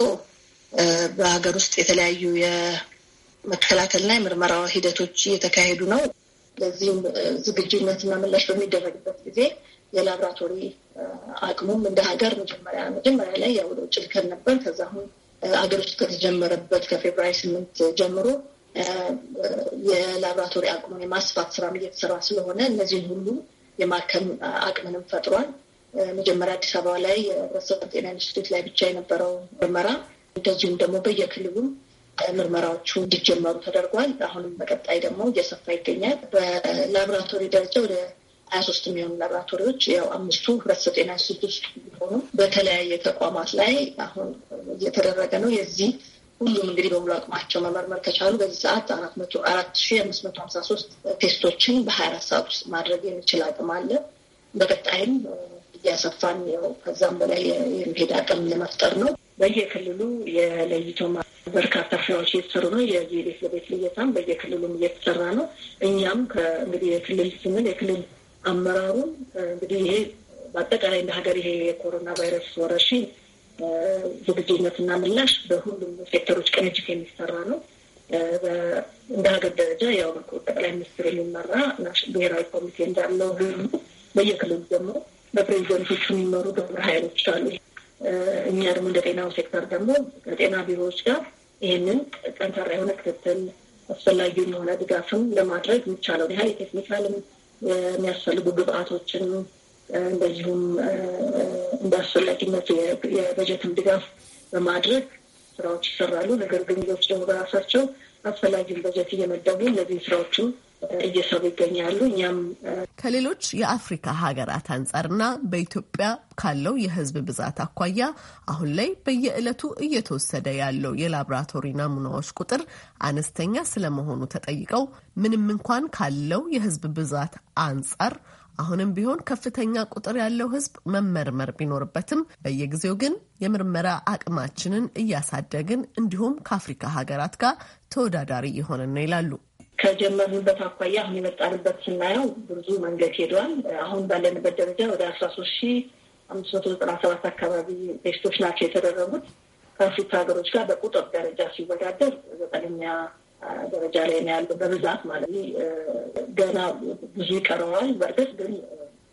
በሀገር ውስጥ የተለያዩ የመከላከልና የምርመራ ሂደቶች እየተካሄዱ ነው። ለዚህም ዝግጁነትና ምላሽ በሚደረግበት ጊዜ የላብራቶሪ አቅሙም እንደ ሀገር መጀመሪያ መጀመሪያ ላይ ያው ወደ ውጭ ልከን ነበር። ከዛ አሁን ሀገር ውስጥ ከተጀመረበት ከፌብራሪ ስምንት ጀምሮ የላብራቶሪ አቅሙን የማስፋት ስራም እየተሰራ ስለሆነ እነዚህን ሁሉ የማከም አቅምንም ፈጥሯል። መጀመሪያ አዲስ አበባ ላይ የህብረተሰብ ጤና ኢንስቲትዩት ላይ ብቻ የነበረው ምርመራ እንደዚሁም ደግሞ በየክልሉም ምርመራዎቹ እንዲጀመሩ ተደርጓል። አሁንም በቀጣይ ደግሞ እየሰፋ ይገኛል። በላብራቶሪ ደረጃ ወደ ሀያ ሶስት የሚሆኑ ላብራቶሪዎች ያው አምስቱ ህብረተሰብ ጤና ኢንስቲትዩት ውስጥ ሆኑ በተለያየ ተቋማት ላይ አሁን እየተደረገ ነው። የዚህ ሁሉም እንግዲህ በሙሉ አቅማቸው መመርመር ከቻሉ በዚህ ሰዓት አራት መቶ አራት ሺ አምስት መቶ ሀምሳ ሶስት ቴስቶችን በሀያ አራት ሰዓት ውስጥ ማድረግ የሚችል አቅም አለ። በቀጣይም እያሰፋን ያው ከዛም በላይ የሚሄድ አቅም ለመፍጠር ነው። በየክልሉ የለይቶ በርካታ ስራዎች እየተሰሩ ነው። የዚህ ቤት ለቤት ልየታም በየክልሉም እየተሰራ ነው። እኛም ከእንግዲህ የክልል ስምል የክልል አመራሩም እንግዲህ ይሄ በአጠቃላይ እንደ ሀገር ይሄ የኮሮና ቫይረስ ወረርሽኝ ዝግጁነትና ምላሽ በሁሉም ሴክተሮች ቅንጅት የሚሰራ ነው። እንደ ሀገር ደረጃ ያው ጠቅላይ ሚኒስትር የሚመራ ብሔራዊ ኮሚቴ እንዳለው ሁሉ በየክልሉ ደግሞ በፕሬዚደንቶቹ የሚመሩ ግብረ ኃይሎች አሉ። እኛ ደግሞ እንደ ጤናው ሴክተር ደግሞ ከጤና ቢሮዎች ጋር ይህንን ጠንካራ የሆነ ክትትል አስፈላጊውን የሆነ ድጋፍም ለማድረግ የሚቻለውን ያህል የቴክኒካልም የሚያስፈልጉ ግብአቶችን እንደዚሁም እንደ አስፈላጊነት የበጀትን ድጋፍ በማድረግ ስራዎች ይሰራሉ። ነገር ግን ልጆች ደግሞ በራሳቸው አስፈላጊውን በጀት እየመደቡ እነዚህ ስራዎችን እየሰሩ ይገኛሉ። እኛም ከሌሎች የአፍሪካ ሀገራት አንጻርና በኢትዮጵያ ካለው የሕዝብ ብዛት አኳያ አሁን ላይ በየዕለቱ እየተወሰደ ያለው የላብራቶሪ ናሙናዎች ቁጥር አነስተኛ ስለመሆኑ ተጠይቀው ምንም እንኳን ካለው የሕዝብ ብዛት አንጻር አሁንም ቢሆን ከፍተኛ ቁጥር ያለው ህዝብ መመርመር ቢኖርበትም በየጊዜው ግን የምርመራ አቅማችንን እያሳደግን እንዲሁም ከአፍሪካ ሀገራት ጋር ተወዳዳሪ የሆነ ነው ይላሉ። ከጀመርንበት አኳያ አሁን የመጣንበት ስናየው ብዙ መንገድ ሄዷል። አሁን ባለንበት ደረጃ ወደ አስራ ሶስት ሺ አምስት መቶ ዘጠና ሰባት አካባቢ ቴስቶች ናቸው የተደረጉት። ከአፍሪካ ሀገሮች ጋር በቁጥር ደረጃ ሲወዳደር ዘጠነኛ ደረጃ ላይ ነው ያለው በብዛት ማለት ገና ብዙ ይቀረዋል። በእርግጥ ግን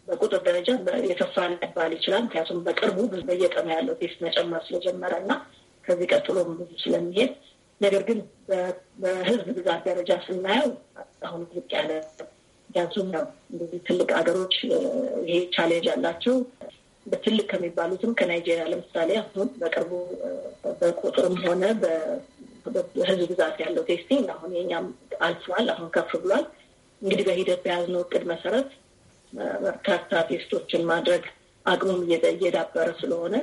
በቁጥር ደረጃ የከፋ ሊባል ይችላል። ምክንያቱም በቅርቡ በየቀኑ ያለው ቴስት መጨመር ስለጀመረ እና ከዚህ ቀጥሎም ብዙ ስለሚሄድ ነገር ግን በህዝብ ብዛት ደረጃ ስናየው አሁን ዝቅ ያለ ምክንያቱም ነው እንደዚህ ትልቅ ሀገሮች ይሄ ቻሌንጅ አላቸው። በትልቅ ከሚባሉትም ከናይጄሪያ ለምሳሌ አሁን በቅርቡ በቁጥርም ሆነ በህዝብ ብዛት ያለው ቴስቲንግ አሁን የኛም አልፏል። አሁን ከፍ ብሏል። እንግዲህ በሂደት በያዝነው እቅድ መሰረት በርካታ ቴስቶችን ማድረግ አቅሙም እየዳበረ ስለሆነ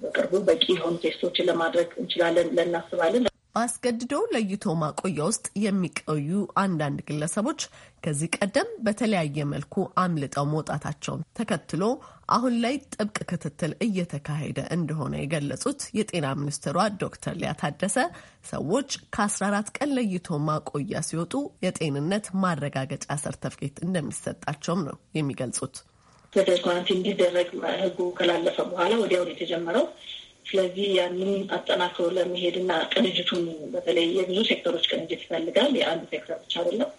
በቅርቡ በቂ የሆኑ ቴስቶችን ለማድረግ እንችላለን ብለን እናስባለን። አስገድዶ ለይቶ ማቆያ ውስጥ የሚቆዩ አንዳንድ ግለሰቦች ከዚህ ቀደም በተለያየ መልኩ አምልጠው መውጣታቸውን ተከትሎ አሁን ላይ ጥብቅ ክትትል እየተካሄደ እንደሆነ የገለጹት የጤና ሚኒስትሯ ዶክተር ሊያ ታደሰ ሰዎች ከ14 ቀን ለይቶ ማቆያ ሲወጡ የጤንነት ማረጋገጫ ሰርተፍኬት እንደሚሰጣቸውም ነው የሚገልጹት። ተደርጓን እንዲደረግ ህጉ ከላለፈ በኋላ ወዲያውን የተጀመረው ስለዚህ ያንን አጠናክሮ ለመሄድ ለመሄድና ቅንጅቱን በተለይ የብዙ ሴክተሮች ቅንጅት ይፈልጋል። የአንዱ ሴክተር ብቻ አይደለም።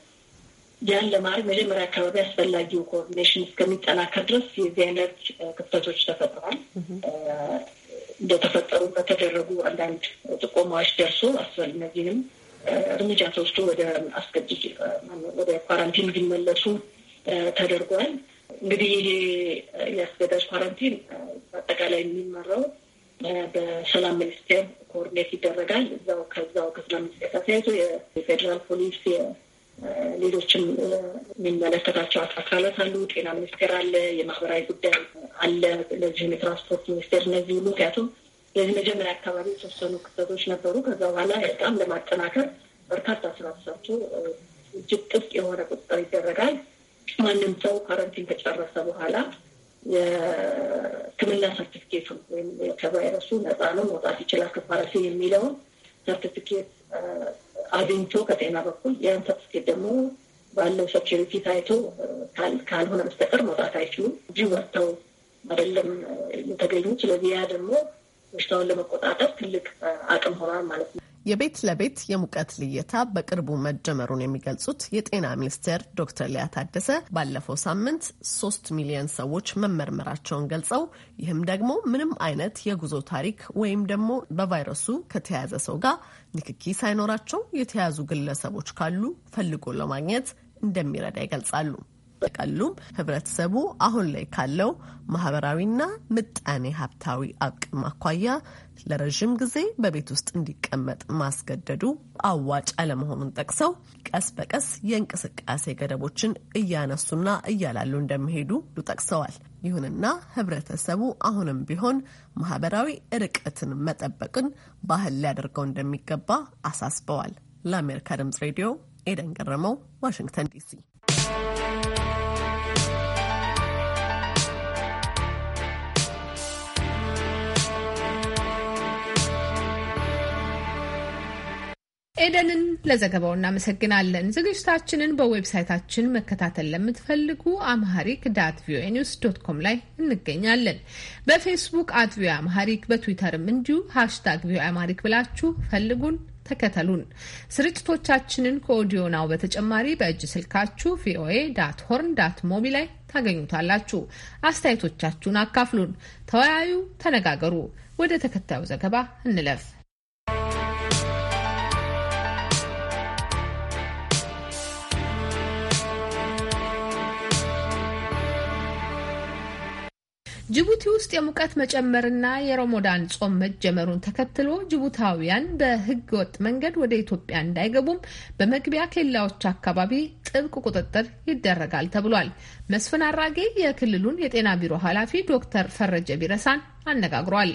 ያን ለማድረግ መጀመሪያ አካባቢ አስፈላጊው ኮኦርዲኔሽን እስከሚጠናከር ድረስ የዚህ አይነት ክፍተቶች ተፈጥረዋል። እንደተፈጠሩ በተደረጉ አንዳንድ ጥቆማዎች ደርሶ አስፈል እነዚህንም እርምጃ ተወስዶ ወደ አስገድ ወደ ኳራንቲን እንዲመለሱ ተደርጓል። እንግዲህ ይሄ የአስገዳጅ ኳረንቲን በአጠቃላይ የሚመራው በሰላም ሚኒስቴር ኮኦርዲኔት ይደረጋል። እዛው ከዛው ከሰላም ሚኒስቴር ተያይዞ የፌዴራል ፖሊስ ሌሎችም የሚመለከታቸው አካላት አሉ። ጤና ሚኒስቴር አለ፣ የማህበራዊ ጉዳይ አለ፣ ለዚህም የትራንስፖርት ሚኒስቴር እነዚህ ሁሉ ምክንያቱም የዚህ መጀመሪያ አካባቢ የተወሰኑ ክፍተቶች ነበሩ። ከዛ በኋላ በጣም ለማጠናከር በርካታ ስራ ተሰርቶ እጅግ ጥብቅ የሆነ ቁጥጥር ይደረጋል። ማንም ሰው ካረንቲን ከጨረሰ በኋላ የሕክምና ሰርቲፊኬት ወይም ከቫይረሱ ነፃ ነው መውጣት ይችላል ከፓረሲ የሚለውን ሰርቲፊኬት አግኝቶ ከጤና በኩል ያን ሰርቲፊኬት ደግሞ ባለው ሰኪሪቲ ታይቶ ካልሆነ በስተቀር መውጣት አይችሉም። እጅ ወጥተው አይደለም የተገኙ። ስለዚህ ያ ደግሞ በሽታውን ለመቆጣጠር ትልቅ አቅም ሆኗል ማለት ነው። የቤት ለቤት የሙቀት ልየታ በቅርቡ መጀመሩን የሚገልጹት የጤና ሚኒስቴር ዶክተር ሊያ ታደሰ ባለፈው ሳምንት ሶስት ሚሊዮን ሰዎች መመርመራቸውን ገልጸው ይህም ደግሞ ምንም አይነት የጉዞ ታሪክ ወይም ደግሞ በቫይረሱ ከተያዘ ሰው ጋር ንክኪ ሳይኖራቸው የተያዙ ግለሰቦች ካሉ ፈልጎ ለማግኘት እንደሚረዳ ይገልጻሉ። በቀሉም ህብረተሰቡ አሁን ላይ ካለው ማህበራዊና ምጣኔ ሀብታዊ አቅም አኳያ ለረዥም ጊዜ በቤት ውስጥ እንዲቀመጥ ማስገደዱ አዋጭ አለመሆኑን ጠቅሰው ቀስ በቀስ የእንቅስቃሴ ገደቦችን እያነሱና እያላሉ እንደሚሄዱ ጠቅሰዋል። ይሁንና ህብረተሰቡ አሁንም ቢሆን ማህበራዊ ርቀትን መጠበቅን ባህል ሊያደርገው እንደሚገባ አሳስበዋል። ለአሜሪካ ድምጽ ሬዲዮ ኤደን ገረመው፣ ዋሽንግተን ዲሲ ኤደንን ለዘገባው እናመሰግናለን። ዝግጅታችንን በዌብሳይታችን መከታተል ለምትፈልጉ አምሃሪክ ዳት ቪኦኤ ኒውስ ዶት ኮም ላይ እንገኛለን። በፌስቡክ አት ቪኦኤ አምሃሪክ፣ በትዊተርም እንዲሁ ሃሽታግ ቪኦኤ አምሃሪክ ብላችሁ ፈልጉን ተከተሉን። ስርጭቶቻችንን ከኦዲዮ ናው በተጨማሪ በእጅ ስልካችሁ ቪኦኤ ዳት ሆርን ዳት ሞቢ ላይ ታገኙታላችሁ። አስተያየቶቻችሁን አካፍሉን፣ ተወያዩ፣ ተነጋገሩ። ወደ ተከታዩ ዘገባ እንለፍ። ጅቡቲ ውስጥ የሙቀት መጨመርና የሮሞዳን ጾም መጀመሩን ተከትሎ ጅቡታውያን በሕገ ወጥ መንገድ ወደ ኢትዮጵያ እንዳይገቡም በመግቢያ ኬላዎች አካባቢ ጥብቅ ቁጥጥር ይደረጋል ተብሏል። መስፍን አራጌ የክልሉን የጤና ቢሮ ኃላፊ ዶክተር ፈረጀ ቢረሳን አነጋግሯል።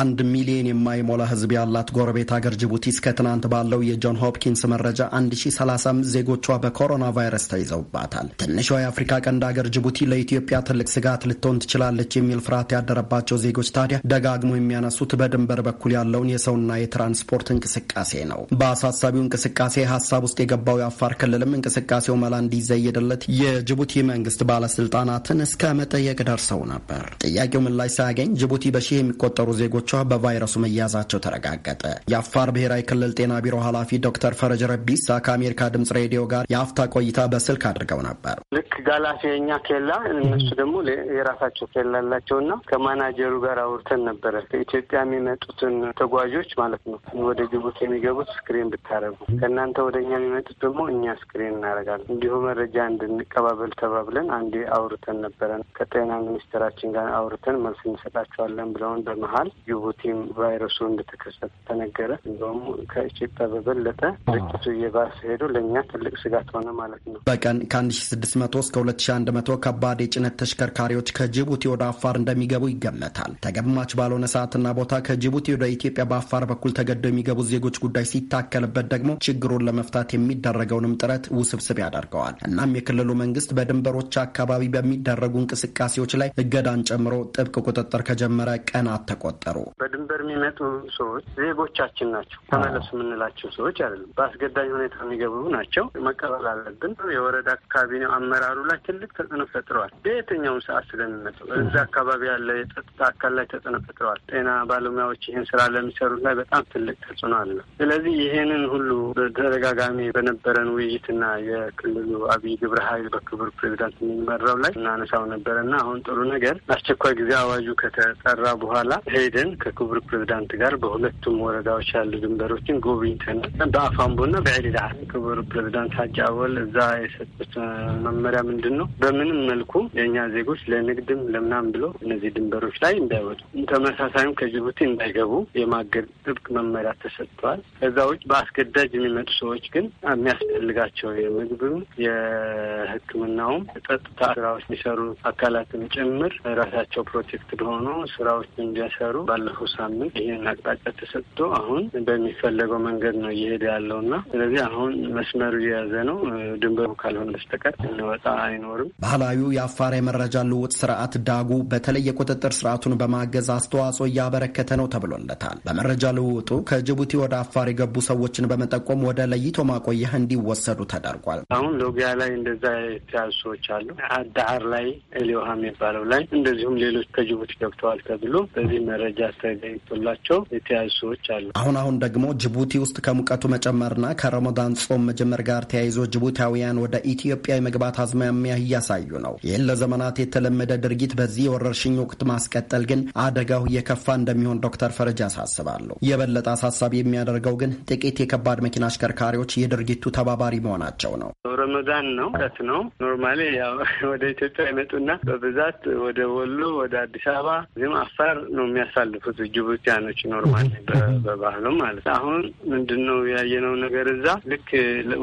አንድ ሚሊዮን የማይሞላ ህዝብ ያላት ጎረቤት አገር ጅቡቲ እስከ ትናንት ባለው የጆን ሆፕኪንስ መረጃ 1030 ዜጎቿ በኮሮና ቫይረስ ተይዘውባታል። ትንሿ የአፍሪካ ቀንድ አገር ጅቡቲ ለኢትዮጵያ ትልቅ ስጋት ልትሆን ትችላለች የሚል ፍርሃት ያደረባቸው ዜጎች ታዲያ ደጋግሞ የሚያነሱት በድንበር በኩል ያለውን የሰውና የትራንስፖርት እንቅስቃሴ ነው። በአሳሳቢው እንቅስቃሴ ሀሳብ ውስጥ የገባው የአፋር ክልልም እንቅስቃሴው መላ እንዲዘየድለት የጅቡቲ መንግስት ባለስልጣናትን እስከ መጠየቅ ደርሰው ነበር። ጥያቄው ምላሽ ሳያገኝ ጅቡቲ በሺህ የሚቆጠሩ ዜ ዜጎቿ በቫይረሱ መያዛቸው ተረጋገጠ። የአፋር ብሔራዊ ክልል ጤና ቢሮ ኃላፊ ዶክተር ፈረጅ ረቢሳ ከአሜሪካ ድምጽ ሬዲዮ ጋር የአፍታ ቆይታ በስልክ አድርገው ነበር። ልክ ጋላፊ የኛ ኬላ፣ እነሱ ደግሞ የራሳቸው ኬላ አላቸው ከማናጀሩ ጋር አውርተን ነበረ። ከኢትዮጵያ የሚመጡትን ተጓዦች ማለት ነው ወደ ጅቡቲ የሚገቡት ስክሪን ብታደረጉ፣ ከእናንተ ወደ እኛ የሚመጡት ደግሞ እኛ ስክሪን እናደርጋለን። እንዲሁ መረጃ እንድንቀባበል ተባብለን አንዴ አውርተን ነበረ። ከጤና ሚኒስትራችን ጋር አውርተን መልስ እንሰጣቸዋለን ብለውን በመሀል ጅቡቲም ቫይረሱ እንደተከሰተ ተነገረ። እንደውም ከኢትዮጵያ በበለጠ ድርጅቱ እየባሰ ሄዶ ለእኛ ትልቅ ስጋት ሆነ ማለት ነው። በቀን ከአንድ ሺ ስድስት መቶ እስከ ሁለት ሺ አንድ መቶ ከባድ የጭነት ተሽከርካሪዎች ከጅቡቲ ወደ አፋር እንደሚገቡ ይገመታል። ተገማች ባልሆነ ሰዓትና ቦታ ከጅቡቲ ወደ ኢትዮጵያ በአፋር በኩል ተገደው የሚገቡ ዜጎች ጉዳይ ሲታከልበት ደግሞ ችግሩን ለመፍታት የሚደረገውንም ጥረት ውስብስብ ያደርገዋል። እናም የክልሉ መንግስት በድንበሮች አካባቢ በሚደረጉ እንቅስቃሴዎች ላይ እገዳን ጨምሮ ጥብቅ ቁጥጥር ከጀመረ ቀናት ተቆጠሩ። ተፈጠሩ? በድንበር የሚመጡ ሰዎች ዜጎቻችን ናቸው። ተመለሱ የምንላቸው ሰዎች አይደለም። በአስገዳኝ ሁኔታ የሚገቡ ናቸው። መቀበል አለብን። የወረዳ ካቢኔው አመራሩ ላይ ትልቅ ተጽዕኖ ፈጥረዋል። በየትኛውም ሰዓት ስለሚመጡ እዛ አካባቢ ያለ የጸጥታ አካል ላይ ተጽዕኖ ፈጥረዋል። ጤና ባለሙያዎች ይህን ስራ ለሚሰሩት ላይ በጣም ትልቅ ተጽዕኖ አለ። ስለዚህ ይህንን ሁሉ በተደጋጋሚ በነበረን ውይይትና የክልሉ አብይ ግብረ ኃይል በክቡር ፕሬዚዳንት የሚመራው ላይ እናነሳው ነበረና አሁን ጥሩ ነገር አስቸኳይ ጊዜ አዋጁ ከተጠራ በኋላ ሄደ ሄደን ከክቡር ፕሬዚዳንት ጋር በሁለቱም ወረዳዎች ያሉ ድንበሮችን ጎብኝተናል። በአፋምቦና በዒሊላ ክቡር ፕሬዚዳንት ሀጂ አወል እዛ የሰጡት መመሪያ ምንድን ነው? በምንም መልኩ የእኛ ዜጎች ለንግድም ለምናም ብሎ እነዚህ ድንበሮች ላይ እንዳይወጡ፣ ተመሳሳይም ከጅቡቲ እንዳይገቡ የማገድ ጥብቅ መመሪያ ተሰጥቷል። ከዛ ውጭ በአስገዳጅ የሚመጡ ሰዎች ግን የሚያስፈልጋቸው የምግብም የሕክምናውም ጸጥታ ስራዎች የሚሰሩ አካላትም ጭምር ራሳቸው ፕሮቴክትድ ሆኖ ስራዎች እንዲያሰሩ ባለፈው ሳምንት ይህን አቅጣጫ ተሰጥቶ አሁን በሚፈለገው መንገድ ነው እየሄደ ያለው እና ስለዚህ አሁን መስመሩ የያዘ ነው። ድንበሩ ካልሆነ በስተቀር እንወጣ አይኖርም። ባህላዊው የአፋር የመረጃ ልውጥ ስርዓት ዳጉ በተለይ የቁጥጥር ስርዓቱን በማገዝ አስተዋጽኦ እያበረከተ ነው ተብሎለታል። በመረጃ ልውጡ ከጅቡቲ ወደ አፋር የገቡ ሰዎችን በመጠቆም ወደ ለይቶ ማቆያ እንዲወሰዱ ተደርጓል። አሁን ሎጊያ ላይ እንደዛ የተያዙ ሰዎች አሉ። አዳር ላይ ኤሊዮሃ የሚባለው ላይ እንደዚሁም ሌሎች ከጅቡቲ ገብተዋል ተብሎ በዚህ መረጃ ተገኝቶላቸው የተያዙ ሰዎች አሉ። አሁን አሁን ደግሞ ጅቡቲ ውስጥ ከሙቀቱ መጨመርና ከረመዳን ጾም መጀመር ጋር ተያይዞ ጅቡታውያን ወደ ኢትዮጵያ የመግባት አዝማሚያ እያሳዩ ነው። ይህን ለዘመናት የተለመደ ድርጊት በዚህ የወረርሽኝ ወቅት ማስቀጠል ግን አደጋው እየከፋ እንደሚሆን ዶክተር ፈረጅ ያሳስባሉ። የበለጠ አሳሳቢ የሚያደርገው ግን ጥቂት የከባድ መኪና አሽከርካሪዎች የድርጊቱ ተባባሪ መሆናቸው ነው። ረመዳን ነው፣ ቀት ነው። ኖርማሊ ያው ወደ ኢትዮጵያ ይመጡና በብዛት ወደ ወሎ፣ ወደ አዲስ አበባ እዚህም አፋር ነው የሚያሳል የሚያሳልፉት ጅቡቲያኖች ኖርማል በባህሉ ማለት አሁን ምንድን ነው ያየነው ነገር እዛ ልክ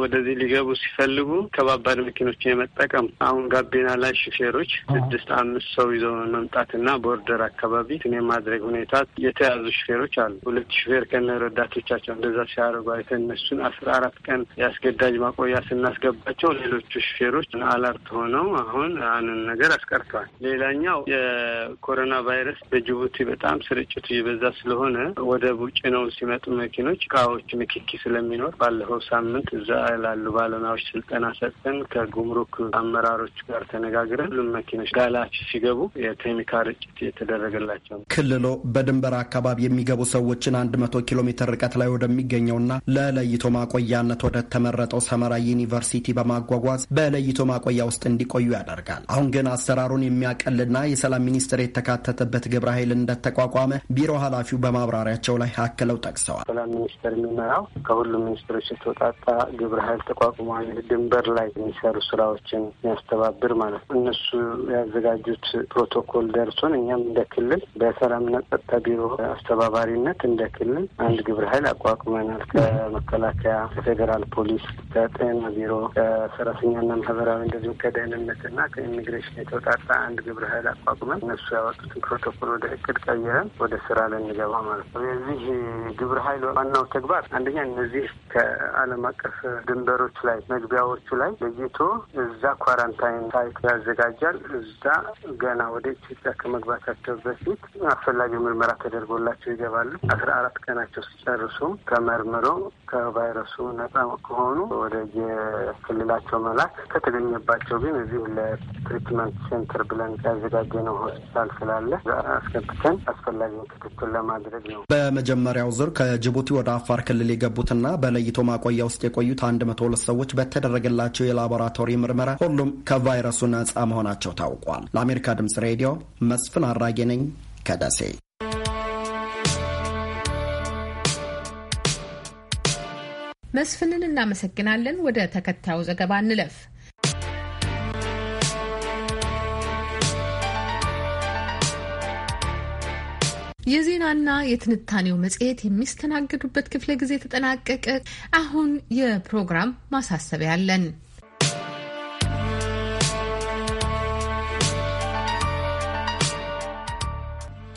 ወደዚህ ሊገቡ ሲፈልጉ ከባባድ መኪኖችን የመጠቀም አሁን ጋቢና ላይ ሹፌሮች ስድስት አምስት ሰው ይዘው መምጣትና ቦርደር አካባቢ ትን የማድረግ ሁኔታ የተያዙ ሹፌሮች አሉ። ሁለት ሹፌር ከነ ረዳቶቻቸው እንደዛ ሲያደርጉ አይተን እነሱን አስራ አራት ቀን የአስገዳጅ ማቆያ ስናስገባቸው ሌሎቹ ሹፌሮች አላርት ሆነው አሁን አንን ነገር አስቀርተዋል። ሌላኛው የኮሮና ቫይረስ በጅቡቲ በጣም ስር ስርጭቱ የበዛ ስለሆነ ወደ ውጭ ነው ሲመጡ መኪኖች እቃዎች ንክኪ ስለሚኖር ባለፈው ሳምንት እዛ ላሉ ባለሙያዎች ስልጠና ሰጠን። ከጉምሩክ አመራሮች ጋር ተነጋግረን ሁሉም መኪኖች ጋላች ሲገቡ የኬሚካል ርጭት የተደረገላቸው። ክልሎ በድንበር አካባቢ የሚገቡ ሰዎችን አንድ መቶ ኪሎ ሜትር ርቀት ላይ ወደሚገኘውና ለለይቶ ማቆያነት ወደ ተመረጠው ሰመራ ዩኒቨርሲቲ በማጓጓዝ በለይቶ ማቆያ ውስጥ እንዲቆዩ ያደርጋል። አሁን ግን አሰራሩን የሚያቀልና የሰላም ሚኒስቴር የተካተተበት ግብረ ኃይል እንደተቋቋመ እንደተቋቋመ ቢሮ ኃላፊው በማብራሪያቸው ላይ አክለው ጠቅሰዋል። ሰላም ሚኒስቴር የሚመራው ከሁሉም ሚኒስትሮች የተወጣጣ ግብረ ኃይል ተቋቁሟል። ድንበር ላይ የሚሰሩ ስራዎችን የሚያስተባብር ማለት ነው። እነሱ ያዘጋጁት ፕሮቶኮል ደርሶን እኛም እንደ ክልል በሰላምና ጸጥታ ቢሮ አስተባባሪነት እንደ ክልል አንድ ግብረ ኃይል አቋቁመናል። ከመከላከያ፣ ከፌዴራል ፖሊስ፣ ከጤና ቢሮ፣ ከሰራተኛና ማህበራዊ እንደዚሁ ከደህንነትና ከኢሚግሬሽን የተወጣጣ አንድ ግብረ ኃይል አቋቁመን እነሱ ያወጡትን ፕሮቶኮል ወደ እቅድ ቀይረን ወደ ስራ ልንገባ ማለት ነው። የዚህ ግብረ ኃይል ዋናው ተግባር አንደኛ እነዚህ ከዓለም አቀፍ ድንበሮች ላይ መግቢያዎቹ ላይ ለይቶ እዛ ኳራንታይን ሳይት ያዘጋጃል። እዛ ገና ወደ ኢትዮጵያ ከመግባታቸው በፊት አስፈላጊ ምርመራ ተደርጎላቸው ይገባሉ። አስራ አራት ቀናቸው ሲጨርሱም ተመርምረው ከቫይረሱ ነጻ ከሆኑ ወደ የክልላቸው መላክ ከተገኘባቸው ግን እዚህ ለትሪትመንት ሴንተር ብለን ያዘጋጀ ነው ሆስፒታል ስላለ አስገብተን አስፈላ አስፈላጊውን ክትትል ለማድረግ ነው። በመጀመሪያው ዙር ከጅቡቲ ወደ አፋር ክልል የገቡትና በለይቶ ማቆያ ውስጥ የቆዩት አንድ መቶ ሁለት ሰዎች በተደረገላቸው የላቦራቶሪ ምርመራ ሁሉም ከቫይረሱ ነጻ መሆናቸው ታውቋል። ለአሜሪካ ድምጽ ሬዲዮ መስፍን አራጌ ነኝ ከደሴ። መስፍንን እናመሰግናለን። ወደ ተከታዩ ዘገባ እንለፍ። የዜናና የትንታኔው መጽሔት የሚስተናገዱበት ክፍለ ጊዜ ተጠናቀቀ። አሁን የፕሮግራም ማሳሰቢያ አለን።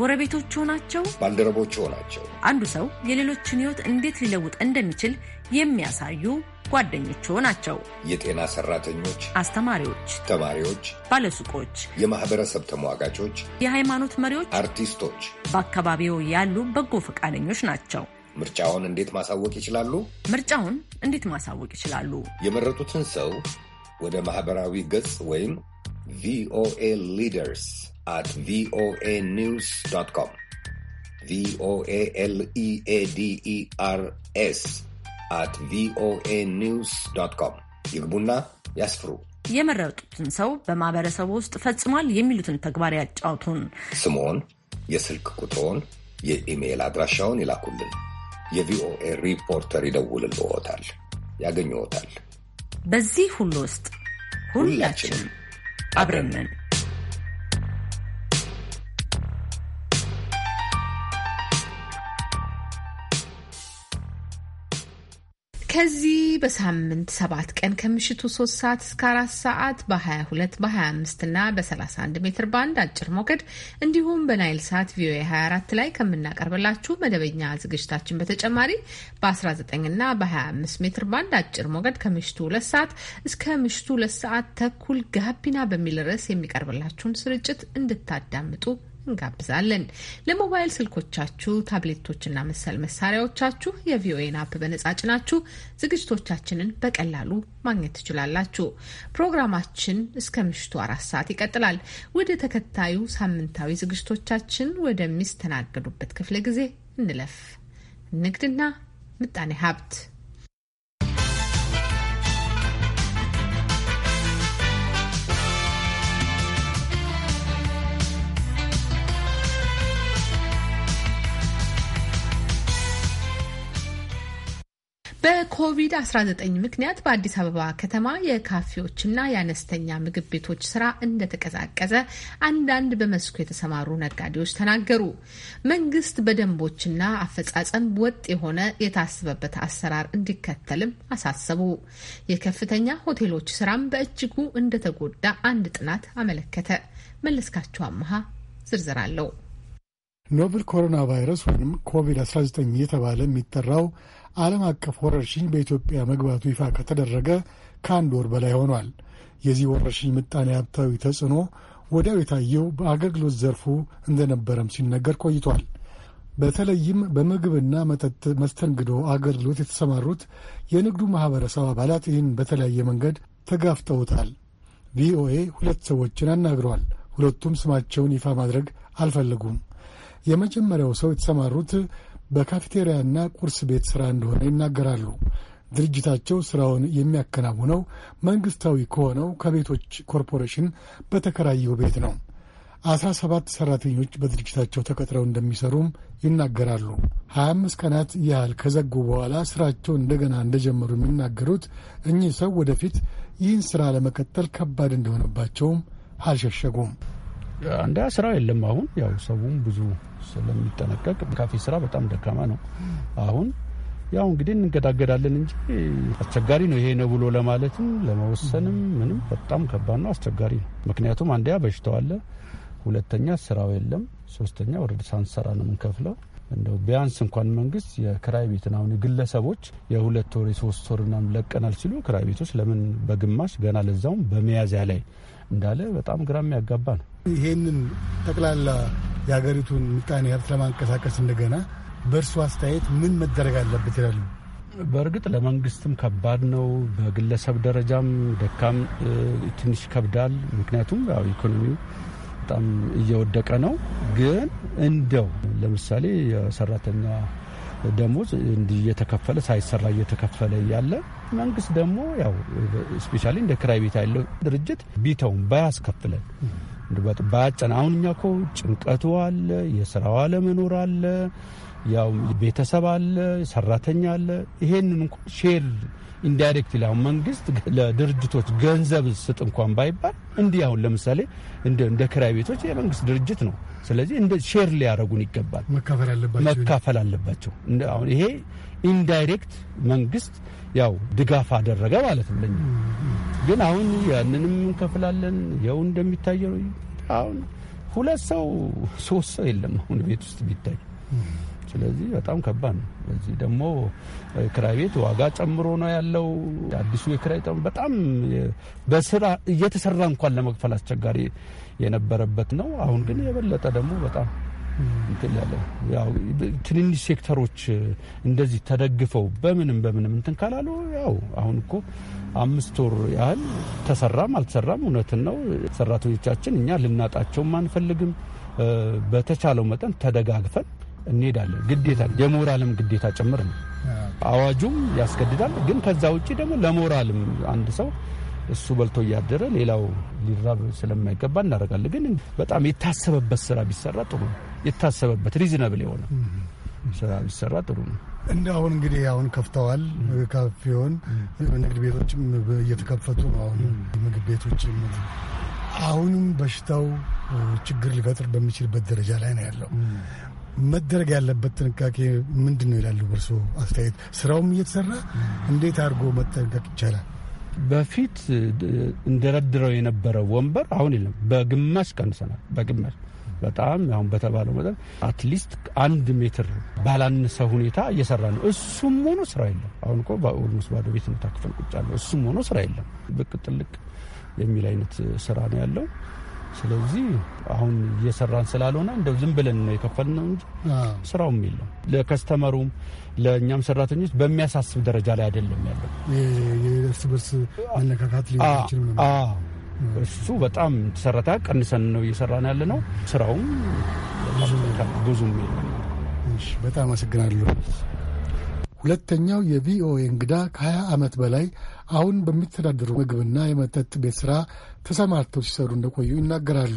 ጎረቤቶቹ ናቸው፣ ባልደረቦቹ ናቸው። አንዱ ሰው የሌሎችን ህይወት እንዴት ሊለውጥ እንደሚችል የሚያሳዩ ጓደኞቹ ናቸው። የጤና ሰራተኞች፣ አስተማሪዎች፣ ተማሪዎች፣ ባለሱቆች፣ የማህበረሰብ ተሟጋቾች፣ የሃይማኖት መሪዎች፣ አርቲስቶች፣ በአካባቢው ያሉ በጎ ፈቃደኞች ናቸው። ምርጫውን እንዴት ማሳወቅ ይችላሉ? ምርጫውን እንዴት ማሳወቅ ይችላሉ? የመረጡትን ሰው ወደ ማህበራዊ ገጽ ወይም ቪኦኤ ሊደርስ at voa ኒውስ ዶት ኮም ቪኦኤ ኤልኢኤዲኢአርኤስ አት ቪኦኤ ኒውስ ዶት ኮም ይግቡና ያስፍሩ። የመረጡትን ሰው በማህበረሰቡ ውስጥ ፈጽሟል የሚሉትን ተግባር ያጫውቱን። ስሞን የስልክ ቁጥሮን፣ የኢሜይል አድራሻውን ይላኩልን። የቪኦኤ ሪፖርተር ይደውልልዎታል፣ ያገኝዎታል። በዚህ ሁሉ ውስጥ ሁላችንም አብረንን ከዚህ በሳምንት ሰባት ቀን ከምሽቱ ሶስት ሰዓት እስከ 4 ሰዓት በ22 በ25 እና በ31 ሜትር ባንድ አጭር ሞገድ እንዲሁም በናይል ሳት ቪኦኤ 24 ላይ ከምናቀርብላችሁ መደበኛ ዝግጅታችን በተጨማሪ በ19 እና በ25 ሜትር ባንድ አጭር ሞገድ ከምሽቱ ሁለት ሰዓት እስከ ምሽቱ ሁለት ሰዓት ተኩል ጋቢና በሚል ርዕስ የሚቀርብላችሁን ስርጭት እንድታዳምጡ እንጋብዛለን። ለሞባይል ስልኮቻችሁ፣ ታብሌቶችና መሰል መሳሪያዎቻችሁ የቪኦኤን አፕ በነጻ ጭናችሁ ዝግጅቶቻችንን በቀላሉ ማግኘት ትችላላችሁ። ፕሮግራማችን እስከ ምሽቱ አራት ሰዓት ይቀጥላል። ወደ ተከታዩ ሳምንታዊ ዝግጅቶቻችን ወደሚስተናገዱበት ክፍለ ጊዜ እንለፍ። ንግድና ምጣኔ ሀብት በኮቪድ-19 ምክንያት በአዲስ አበባ ከተማ የካፌዎችና የአነስተኛ ምግብ ቤቶች ስራ እንደተቀዛቀዘ አንዳንድ በመስኩ የተሰማሩ ነጋዴዎች ተናገሩ። መንግስት በደንቦችና አፈጻጸም ወጥ የሆነ የታሰበበት አሰራር እንዲከተልም አሳሰቡ። የከፍተኛ ሆቴሎች ስራም በእጅጉ እንደተጎዳ አንድ ጥናት አመለከተ። መለስካቸው አመሃ ዝርዝር አለው። ኖቨል ኮሮና ቫይረስ ወይም ኮቪድ-19 እየተባለ የሚጠራው ዓለም አቀፍ ወረርሽኝ በኢትዮጵያ መግባቱ ይፋ ከተደረገ ከአንድ ወር በላይ ሆኗል። የዚህ ወረርሽኝ ምጣኔ ሀብታዊ ተጽዕኖ ወዲያው የታየው በአገልግሎት ዘርፉ እንደነበረም ሲነገር ቆይቷል። በተለይም በምግብና መጠጥ መስተንግዶ አገልግሎት የተሰማሩት የንግዱ ማኅበረሰብ አባላት ይህን በተለያየ መንገድ ተጋፍጠውታል። ቪኦኤ ሁለት ሰዎችን አናግረዋል። ሁለቱም ስማቸውን ይፋ ማድረግ አልፈለጉም። የመጀመሪያው ሰው የተሰማሩት በካፌቴሪያና ቁርስ ቤት ሥራ እንደሆነ ይናገራሉ። ድርጅታቸው ሥራውን የሚያከናውነው መንግሥታዊ ከሆነው ከቤቶች ኮርፖሬሽን በተከራየው ቤት ነው። አስራ ሰባት ሠራተኞች በድርጅታቸው ተቀጥረው እንደሚሠሩም ይናገራሉ። ሀያ አምስት ቀናት ያህል ከዘጉ በኋላ ሥራቸው እንደገና እንደጀመሩ የሚናገሩት እኚህ ሰው ወደፊት ይህን ሥራ ለመቀጠል ከባድ እንደሆነባቸውም አልሸሸጉም። አንዳ ስራ የለም። አሁን ያው ሰውም ብዙ ስለሚጠነቀቅ ካፌ ስራ በጣም ደካማ ነው። አሁን ያው እንግዲህ እንገዳገዳለን እንጂ አስቸጋሪ ነው። ይሄ ነው ብሎ ለማለትም ለመወሰንም ምንም በጣም ከባድ ነው፣ አስቸጋሪ ነው። ምክንያቱም አንደኛ በሽታው አለ፣ ሁለተኛ ስራው የለም፣ ሶስተኛ ወረድ ሳንሰራ ነው የምንከፍለው። እንደው ቢያንስ እንኳን መንግስት የክራይ ቤትን አሁን ግለሰቦች የሁለት ወር የሶስት ወር ወርና ለቀናል ሲሉ ክራይ ቤቶች ለምን በግማሽ ገና ለዛውም በመያዝያ ላይ እንዳለ በጣም ግራ የሚያጋባ ነው። ይሄንን ጠቅላላ የሀገሪቱን ምጣኔ ሀብት ለማንቀሳቀስ እንደገና በእርሱ አስተያየት ምን መደረግ አለበት ይላሉ? በእርግጥ ለመንግስትም ከባድ ነው። በግለሰብ ደረጃም ደካም ትንሽ ይከብዳል። ምክንያቱም ያው ኢኮኖሚው በጣም እየወደቀ ነው። ግን እንደው ለምሳሌ የሰራተኛ ደሞዝ እየተከፈለ ሳይሰራ እየተከፈለ እያለ መንግስት ደግሞ ያው እስፔሻሊ እንደ ክራይ ቤት ያለው ድርጅት ቢተውን ባያስከፍለን ባያጨን አሁን እኛ እኮ ጭንቀቱ አለ፣ የስራው አለመኖር አለ፣ ያው ቤተሰብ አለ፣ ሰራተኛ አለ። ይሄንን እንኳ ሼር ኢንዳይሬክት ላሁን መንግስት ለድርጅቶች ገንዘብ ስጥ እንኳን ባይባል እንዲህ አሁን ለምሳሌ እንደ ክራይ ቤቶች የመንግስት ድርጅት ነው። ስለዚህ እንደ ሼር ሊያደረጉን ይገባል፣ መካፈል አለባቸው። አሁን ይሄ ኢንዳይሬክት መንግስት ያው ድጋፍ አደረገ ማለት ነው ግን አሁን ያንንም እንከፍላለን። ያው እንደሚታየው አሁን ሁለት ሰው ሶስት ሰው የለም አሁን ቤት ውስጥ ቢታይ ስለዚህ በጣም ከባድ ነው። በዚህ ደግሞ ክራይ ቤት ዋጋ ጨምሮ ነው ያለው። አዲሱ የክራይ በጣም በስራ እየተሰራ እንኳን ለመክፈል አስቸጋሪ የነበረበት ነው። አሁን ግን የበለጠ ደግሞ በጣም ትንንሽ ሴክተሮች እንደዚህ ተደግፈው በምንም በምንም እንትን ካላሉ ያው አሁን እኮ አምስት ወር ያህል ተሰራም አልተሰራም እውነትን ነው። ሰራተኞቻችን እኛ ልናጣቸውም አንፈልግም። በተቻለው መጠን ተደጋግፈን እንሄዳለን። ግዴታ የሞራልም ግዴታ ጭምር ነው። አዋጁም ያስገድዳል። ግን ከዛ ውጭ ደግሞ ለሞራልም አንድ ሰው እሱ በልቶ እያደረ ሌላው ሊራብ ስለማይገባ እናደርጋለን። ግን በጣም የታሰበበት ስራ ቢሰራ ጥሩ ነው። የታሰበበት ሪዝነብል የሆነ ስራ ቢሰራ ጥሩ ነው። እንደ አሁን እንግዲህ አሁን ከፍተዋል ካፌውን፣ ንግድ ቤቶችም እየተከፈቱ ነው። አሁን ምግብ ቤቶችም አሁንም በሽታው ችግር ሊፈጥር በሚችልበት ደረጃ ላይ ነው ያለው። መደረግ ያለበት ጥንቃቄ ምንድን ነው ይላሉ በእርስዎ አስተያየት? ስራውም እየተሰራ እንዴት አድርጎ መጠንቀቅ ይቻላል? በፊት እንደረድረው የነበረው ወንበር አሁን የለም፣ በግማሽ ቀንሰናል። በግማሽ በጣም አሁን በተባለው መጠን አትሊስት አንድ ሜትር ባላነሰ ሁኔታ እየሰራ ነው። እሱም ሆኖ ስራ የለም። አሁን እኮ በኦልሞስ ባዶ ቤት ነው ታክፈል ቁጭ ያለው። እሱም ሆኖ ስራ የለም። ብቅ ጥልቅ የሚል አይነት ስራ ነው ያለው። ስለዚህ አሁን እየሰራን ስላልሆነ እንደው ዝም ብለን ነው የከፈልነው እንጂ ስራውም የለም። ለከስተመሩም ለእኛም ሰራተኞች በሚያሳስብ ደረጃ ላይ አይደለም ያለው። የእርስ በርስ መነካካት እሱ በጣም ሰረታ ቀንሰን ነው እየሰራን ያለ ነው። ስራውም ብዙም የለም። በጣም አመሰግናለሁ። ሁለተኛው የቪኦኤ እንግዳ ከ20 ዓመት በላይ አሁን በሚተዳደሩ ምግብና የመጠጥ ቤት ሥራ ተሰማርተው ሲሰሩ እንደቆዩ ይናገራሉ።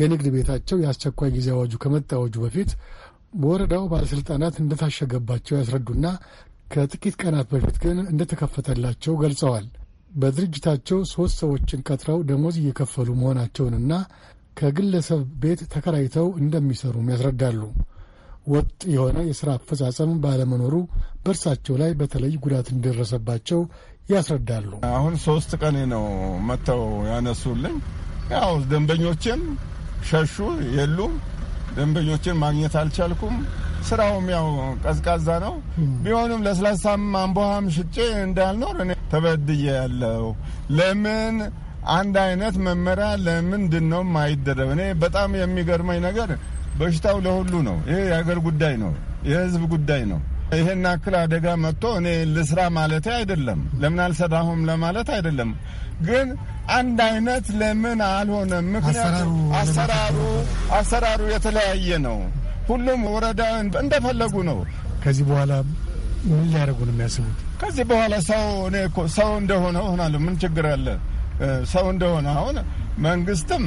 የንግድ ቤታቸው የአስቸኳይ ጊዜ አዋጁ ከመታወጁ በፊት በወረዳው ባለሥልጣናት እንደታሸገባቸው ያስረዱና ከጥቂት ቀናት በፊት ግን እንደተከፈተላቸው ገልጸዋል። በድርጅታቸው ሦስት ሰዎችን ቀጥረው ደሞዝ እየከፈሉ መሆናቸውንና ከግለሰብ ቤት ተከራይተው እንደሚሰሩም ያስረዳሉ። ወጥ የሆነ የሥራ አፈጻጸም ባለመኖሩ በእርሳቸው ላይ በተለይ ጉዳት እንደደረሰባቸው ያስረዳሉ። አሁን ሶስት ቀኔ ነው መጥተው ያነሱልኝ። ያው ደንበኞቼም ሸሹ፣ የሉም። ደንበኞችን ማግኘት አልቻልኩም። ስራውም ያው ቀዝቃዛ ነው። ቢሆንም ለስላሳም አንቦሃም ሽጬ እንዳልኖር እኔ ተበድዬ ያለው ለምን አንድ አይነት መመሪያ ለምንድን ነው ማይደረብ? እኔ በጣም የሚገርመኝ ነገር በሽታው ለሁሉ ነው። ይሄ የሀገር ጉዳይ ነው፣ የህዝብ ጉዳይ ነው። ይሄን አክል አደጋ መጥቶ እኔ ልስራ ማለት አይደለም፣ ለምን አልሰራሁም ለማለት አይደለም። ግን አንድ አይነት ለምን አልሆነም? ምክንያቱ አሰራሩ አሰራሩ የተለያየ ነው። ሁሉም ወረዳ እንደፈለጉ ነው። ከዚህ በኋላ ምን ሊያደርጉ ነው የሚያስቡት? ከዚህ በኋላ ሰው እኔ እኮ ሰው እንደሆነ ሆናለሁ። ምን ችግር አለ? ሰው እንደሆነ አሁን መንግስትም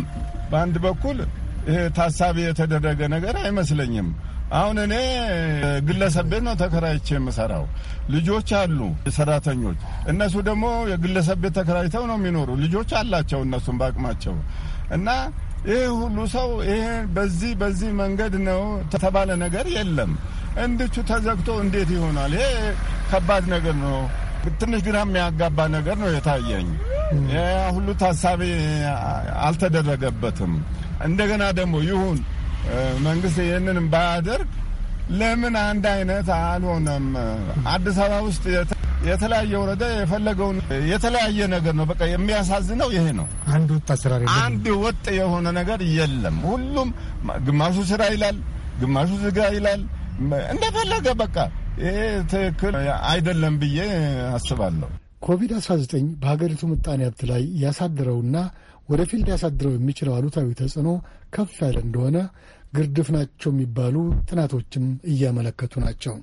በአንድ በኩል ታሳቢ የተደረገ ነገር አይመስለኝም። አሁን እኔ ግለሰብ ቤት ነው ተከራይቼ የምሰራው። ልጆች አሉ ሰራተኞች፣ እነሱ ደግሞ የግለሰብ ቤት ተከራይተው ነው የሚኖሩ። ልጆች አላቸው እነሱም በአቅማቸው እና ይህ ሁሉ ሰው ይሄ በዚህ በዚህ መንገድ ነው ተባለ ነገር የለም። እንድቹ ተዘግቶ እንዴት ይሆናል? ይሄ ከባድ ነገር ነው። ትንሽ ግራ የሚያጋባ ነገር ነው የታየኝ። ሁሉ ታሳቢ አልተደረገበትም። እንደገና ደግሞ ይሁን መንግስት ይህንን ባያደርግ ለምን አንድ አይነት አልሆነም? አዲስ አበባ ውስጥ የተለያየ ወረዳ የፈለገውን የተለያየ ነገር ነው። በቃ የሚያሳዝነው ይሄ ነው። አንድ ወጥ አሰራር፣ አንድ ወጥ የሆነ ነገር የለም። ሁሉም ግማሹ ስራ ይላል፣ ግማሹ ዝጋ ይላል። እንደፈለገ በቃ ይሄ ትክክል አይደለም ብዬ አስባለሁ። ኮቪድ-19 በሀገሪቱ ምጣኔ ሀብት ላይ ያሳድረውና ወደፊት ሊያሳድረው የሚችለው አሉታዊ ተጽዕኖ ከፍ ያለ እንደሆነ ግርድፍ ናቸው የሚባሉ ጥናቶችም እያመለከቱ ናቸው።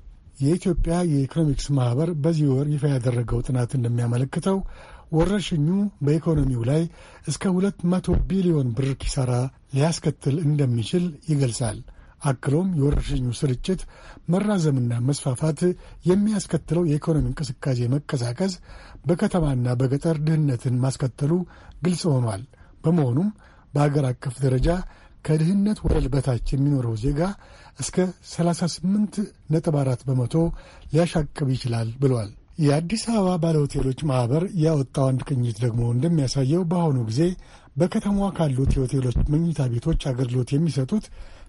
የኢትዮጵያ የኢኮኖሚክስ ማህበር በዚህ ወር ይፋ ያደረገው ጥናት እንደሚያመለክተው ወረርሽኙ በኢኮኖሚው ላይ እስከ ሁለት መቶ ቢሊዮን ብር ኪሳራ ሊያስከትል እንደሚችል ይገልጻል። አክሎም የወረርሽኙ ስርጭት መራዘምና መስፋፋት የሚያስከትለው የኢኮኖሚ እንቅስቃሴ መቀዛቀዝ በከተማና በገጠር ድህነትን ማስከተሉ ግልጽ ሆኗል። በመሆኑም በአገር አቀፍ ደረጃ ከድህነት ወለል በታች የሚኖረው ዜጋ እስከ 38.4 በመቶ ሊያሻቅብ ይችላል ብሏል። የአዲስ አበባ ባለሆቴሎች ማኅበር ያወጣው አንድ ቅኝት ደግሞ እንደሚያሳየው በአሁኑ ጊዜ በከተማዋ ካሉት የሆቴሎች መኝታ ቤቶች አገልግሎት የሚሰጡት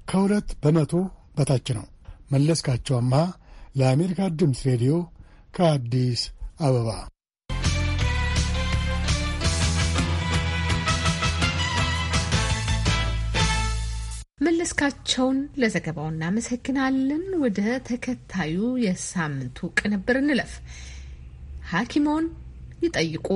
ከሁለት በመቶ በታች ነው። መለስካቸው አምሃ ለአሜሪካ ድምፅ ሬዲዮ ከአዲስ አበባ መለስካቸውን ለዘገባው እናመሰግናለን። ወደ ተከታዩ የሳምንቱ ቅንብር እንለፍ። ሐኪሞን ይጠይቁ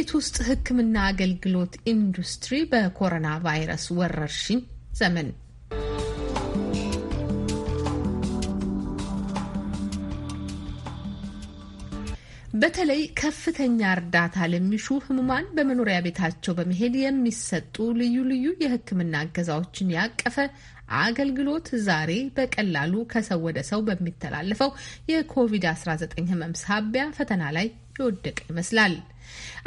ቤት ውስጥ ሕክምና አገልግሎት ኢንዱስትሪ በኮሮና ቫይረስ ወረርሽኝ ዘመን በተለይ ከፍተኛ እርዳታ ለሚሹ ህሙማን በመኖሪያ ቤታቸው በመሄድ የሚሰጡ ልዩ ልዩ የህክምና እገዛዎችን ያቀፈ አገልግሎት ዛሬ በቀላሉ ከሰው ወደ ሰው በሚተላለፈው የኮቪድ-19 ህመም ሳቢያ ፈተና ላይ የወደቀ ይመስላል።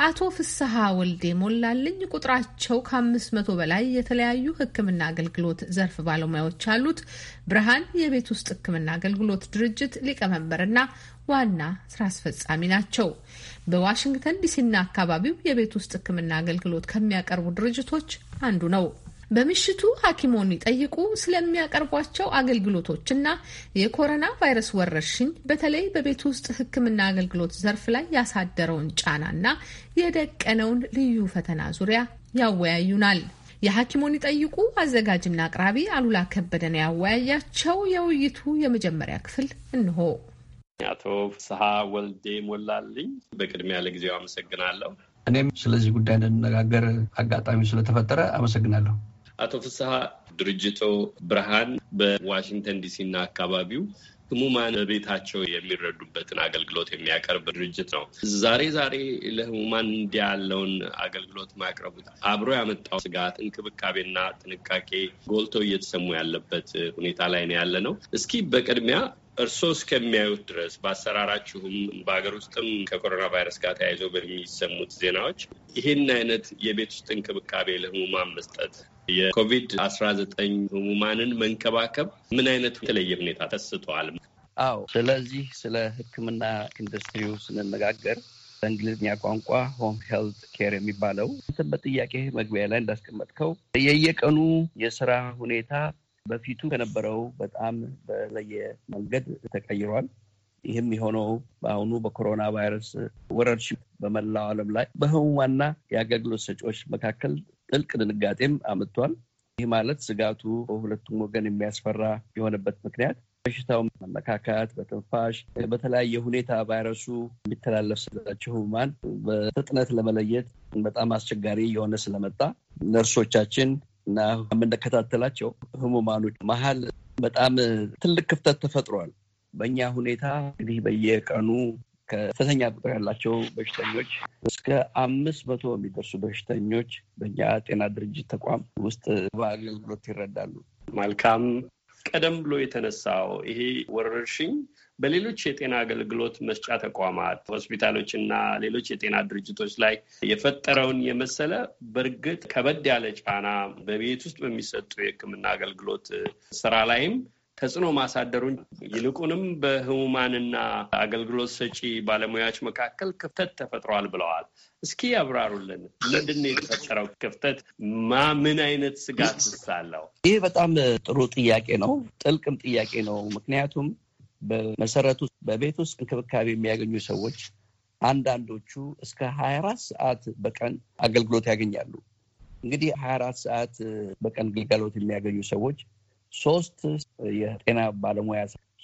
አቶ ፍስሐ ወልዴ ሞላልኝ ቁጥራቸው ከአምስት መቶ በላይ የተለያዩ ሕክምና አገልግሎት ዘርፍ ባለሙያዎች አሉት። ብርሃን የቤት ውስጥ ሕክምና አገልግሎት ድርጅት ሊቀመንበርና ዋና ስራ አስፈጻሚ ናቸው። በዋሽንግተን ዲሲና አካባቢው የቤት ውስጥ ሕክምና አገልግሎት ከሚያቀርቡ ድርጅቶች አንዱ ነው። በምሽቱ ሐኪሞን ይጠይቁ ስለሚያቀርቧቸው አገልግሎቶችና የኮሮና ቫይረስ ወረርሽኝ በተለይ በቤት ውስጥ ሕክምና አገልግሎት ዘርፍ ላይ ያሳደረውን ጫናና የደቀነውን ልዩ ፈተና ዙሪያ ያወያዩናል። የሐኪሞን ይጠይቁ አዘጋጅና አቅራቢ አሉላ ከበደን ያወያያቸው የውይይቱ የመጀመሪያ ክፍል እንሆ። አቶ ፍስሀ ወልዴ ሞላልኝ በቅድሚያ ለጊዜው አመሰግናለሁ። እኔም ስለዚህ ጉዳይ እንድንነጋገር አጋጣሚ ስለተፈጠረ አመሰግናለሁ። አቶ ፍስሐ ድርጅቶ ብርሃን በዋሽንግተን ዲሲና አካባቢው ህሙማን በቤታቸው የሚረዱበትን አገልግሎት የሚያቀርብ ድርጅት ነው። ዛሬ ዛሬ ለህሙማን እንዲህ ያለውን አገልግሎት ማቅረቡ አብሮ ያመጣው ስጋት፣ እንክብካቤና ጥንቃቄ ጎልቶ እየተሰሙ ያለበት ሁኔታ ላይ ነው ያለ ነው። እስኪ በቅድሚያ እርስዎ እስከሚያዩት ድረስ በአሰራራችሁም በሀገር ውስጥም ከኮሮና ቫይረስ ጋር ተያይዘው በሚሰሙት ዜናዎች ይህን አይነት የቤት ውስጥ እንክብካቤ ለህሙማን መስጠት የኮቪድ አስራ ዘጠኝ ህሙማንን መንከባከብ ምን አይነት የተለየ ሁኔታ ተስተዋል? አዎ፣ ስለዚህ ስለ ህክምና ኢንዱስትሪው ስንነጋገር በእንግሊዝኛ ቋንቋ ሆም ሄልት ኬር የሚባለው በጥያቄ መግቢያ ላይ እንዳስቀመጥከው የየቀኑ የስራ ሁኔታ በፊቱ ከነበረው በጣም በለየ መንገድ ተቀይሯል። ይህም የሆነው በአሁኑ በኮሮና ቫይረስ ወረርሽኝ በመላው ዓለም ላይ በህሙማና የአገልግሎት ሰጪዎች መካከል ጥልቅ ድንጋጤም አምጥቷል። ይህ ማለት ስጋቱ በሁለቱም ወገን የሚያስፈራ የሆነበት ምክንያት በሽታው መነካካት፣ በትንፋሽ፣ በተለያየ ሁኔታ ቫይረሱ የሚተላለፍ ስላቸው ህሙማን በፍጥነት ለመለየት በጣም አስቸጋሪ የሆነ ስለመጣ ነርሶቻችን እና የምንከታተላቸው ህሙማኖች መሀል በጣም ትልቅ ክፍተት ተፈጥሯል። በእኛ ሁኔታ እንግዲህ በየቀኑ ከፍተኛ ቁጥር ያላቸው በሽተኞች እስከ አምስት መቶ የሚደርሱ በሽተኞች በእኛ ጤና ድርጅት ተቋም ውስጥ በአገልግሎት ይረዳሉ። መልካም። ቀደም ብሎ የተነሳው ይሄ ወረርሽኝ በሌሎች የጤና አገልግሎት መስጫ ተቋማት ሆስፒታሎች እና ሌሎች የጤና ድርጅቶች ላይ የፈጠረውን የመሰለ በእርግጥ ከበድ ያለ ጫና በቤት ውስጥ በሚሰጡ የሕክምና አገልግሎት ስራ ላይም ተጽዕኖ ማሳደሩን ይልቁንም በህሙማንና አገልግሎት ሰጪ ባለሙያዎች መካከል ክፍተት ተፈጥሯል ብለዋል። እስኪ ያብራሩልን። ምንድን ነው የተፈጠረው ክፍተት? ማ ምን አይነት ስጋት ስላለው? ይህ በጣም ጥሩ ጥያቄ ነው፣ ጥልቅም ጥያቄ ነው። ምክንያቱም በመሰረቱ በቤት ውስጥ እንክብካቤ የሚያገኙ ሰዎች አንዳንዶቹ እስከ ሀያ አራት ሰዓት በቀን አገልግሎት ያገኛሉ። እንግዲህ ሀያ አራት ሰዓት በቀን ግልጋሎት የሚያገኙ ሰዎች ሶስት የጤና ባለሙያ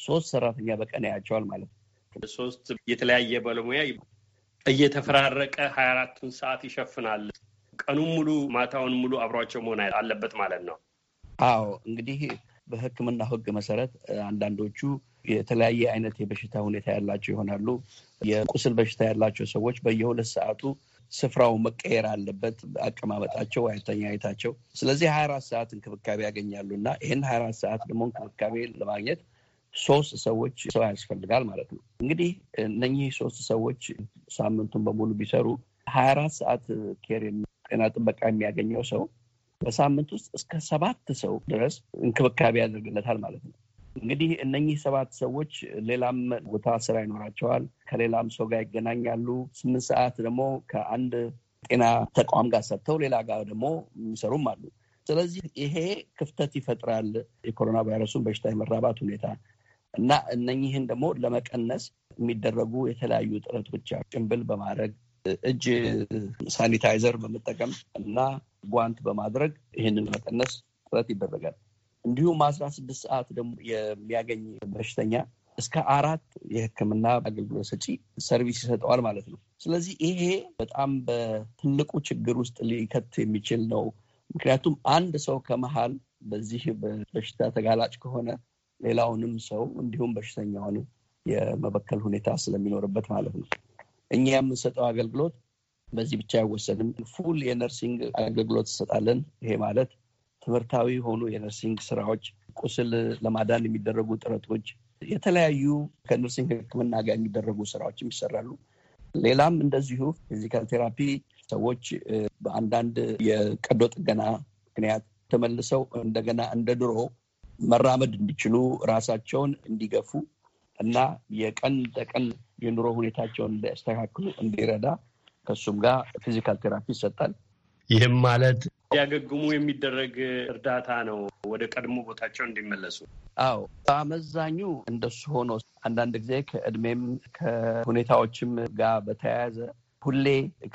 ሶስት ሰራተኛ በቀን ያያቸዋል ማለት ነው። ሶስት የተለያየ ባለሙያ እየተፈራረቀ ሀያ አራቱን ሰዓት ይሸፍናል። ቀኑን ሙሉ ማታውን ሙሉ አብሯቸው መሆን አለበት ማለት ነው። አዎ እንግዲህ በሕክምናው ሕግ መሰረት አንዳንዶቹ የተለያየ አይነት የበሽታ ሁኔታ ያላቸው ይሆናሉ። የቁስል በሽታ ያላቸው ሰዎች በየሁለት ሰዓቱ ስፍራው መቀየር አለበት፣ አቀማመጣቸው፣ አይታቸው ስለዚህ ሀያ አራት ሰዓት እንክብካቤ ያገኛሉ እና ይህን ሀያ አራት ሰዓት ደግሞ እንክብካቤ ለማግኘት ሶስት ሰዎች ሰው ያስፈልጋል ማለት ነው። እንግዲህ እነኚህ ሶስት ሰዎች ሳምንቱን በሙሉ ቢሰሩ ሀያ አራት ሰዓት ኬር ጤና ጥበቃ የሚያገኘው ሰው በሳምንት ውስጥ እስከ ሰባት ሰው ድረስ እንክብካቤ ያደርግለታል ማለት ነው። እንግዲህ እነኚህ ሰባት ሰዎች ሌላም ቦታ ስራ ይኖራቸዋል። ከሌላም ሰው ጋር ይገናኛሉ። ስምንት ሰዓት ደግሞ ከአንድ ጤና ተቋም ጋር ሰጥተው ሌላ ጋር ደግሞ የሚሰሩም አሉ። ስለዚህ ይሄ ክፍተት ይፈጥራል፣ የኮሮና ቫይረሱን በሽታ የመራባት ሁኔታ እና እነኚህን ደግሞ ለመቀነስ የሚደረጉ የተለያዩ ጥረቶች ጭንብል በማድረግ እጅ ሳኒታይዘር በመጠቀም እና ጓንት በማድረግ ይህንን መቀነስ ጥረት ይደረጋል። እንዲሁም አስራ ስድስት ሰዓት ደግሞ የሚያገኝ በሽተኛ እስከ አራት የሕክምና አገልግሎት ሰጪ ሰርቪስ ይሰጠዋል ማለት ነው። ስለዚህ ይሄ በጣም በትልቁ ችግር ውስጥ ሊከት የሚችል ነው። ምክንያቱም አንድ ሰው ከመሀል በዚህ በሽታ ተጋላጭ ከሆነ ሌላውንም ሰው እንዲሁም በሽተኛውን የመበከል ሁኔታ ስለሚኖርበት ማለት ነው። እኛ የምንሰጠው አገልግሎት በዚህ ብቻ አይወሰንም። ፉል የነርሲንግ አገልግሎት እንሰጣለን። ይሄ ማለት ትምህርታዊ የሆኑ የነርሲንግ ስራዎች፣ ቁስል ለማዳን የሚደረጉ ጥረቶች፣ የተለያዩ ከነርሲንግ ሕክምና ጋር የሚደረጉ ስራዎችም ይሰራሉ። ሌላም እንደዚሁ ፊዚካል ቴራፒ ሰዎች በአንዳንድ የቀዶ ጥገና ምክንያት ተመልሰው እንደገና እንደ ድሮ መራመድ እንዲችሉ ራሳቸውን እንዲገፉ እና የቀን ተቀን የኑሮ ሁኔታቸውን እንዲያስተካክሉ እንዲረዳ ከሱም ጋር ፊዚካል ቴራፒ ይሰጣል። ይህም ማለት እንዲያገግሙ የሚደረግ እርዳታ ነው ወደ ቀድሞ ቦታቸው እንዲመለሱ። አዎ አመዛኙ እንደሱ ሆኖ አንዳንድ ጊዜ ከእድሜም ከሁኔታዎችም ጋር በተያያዘ ሁሌ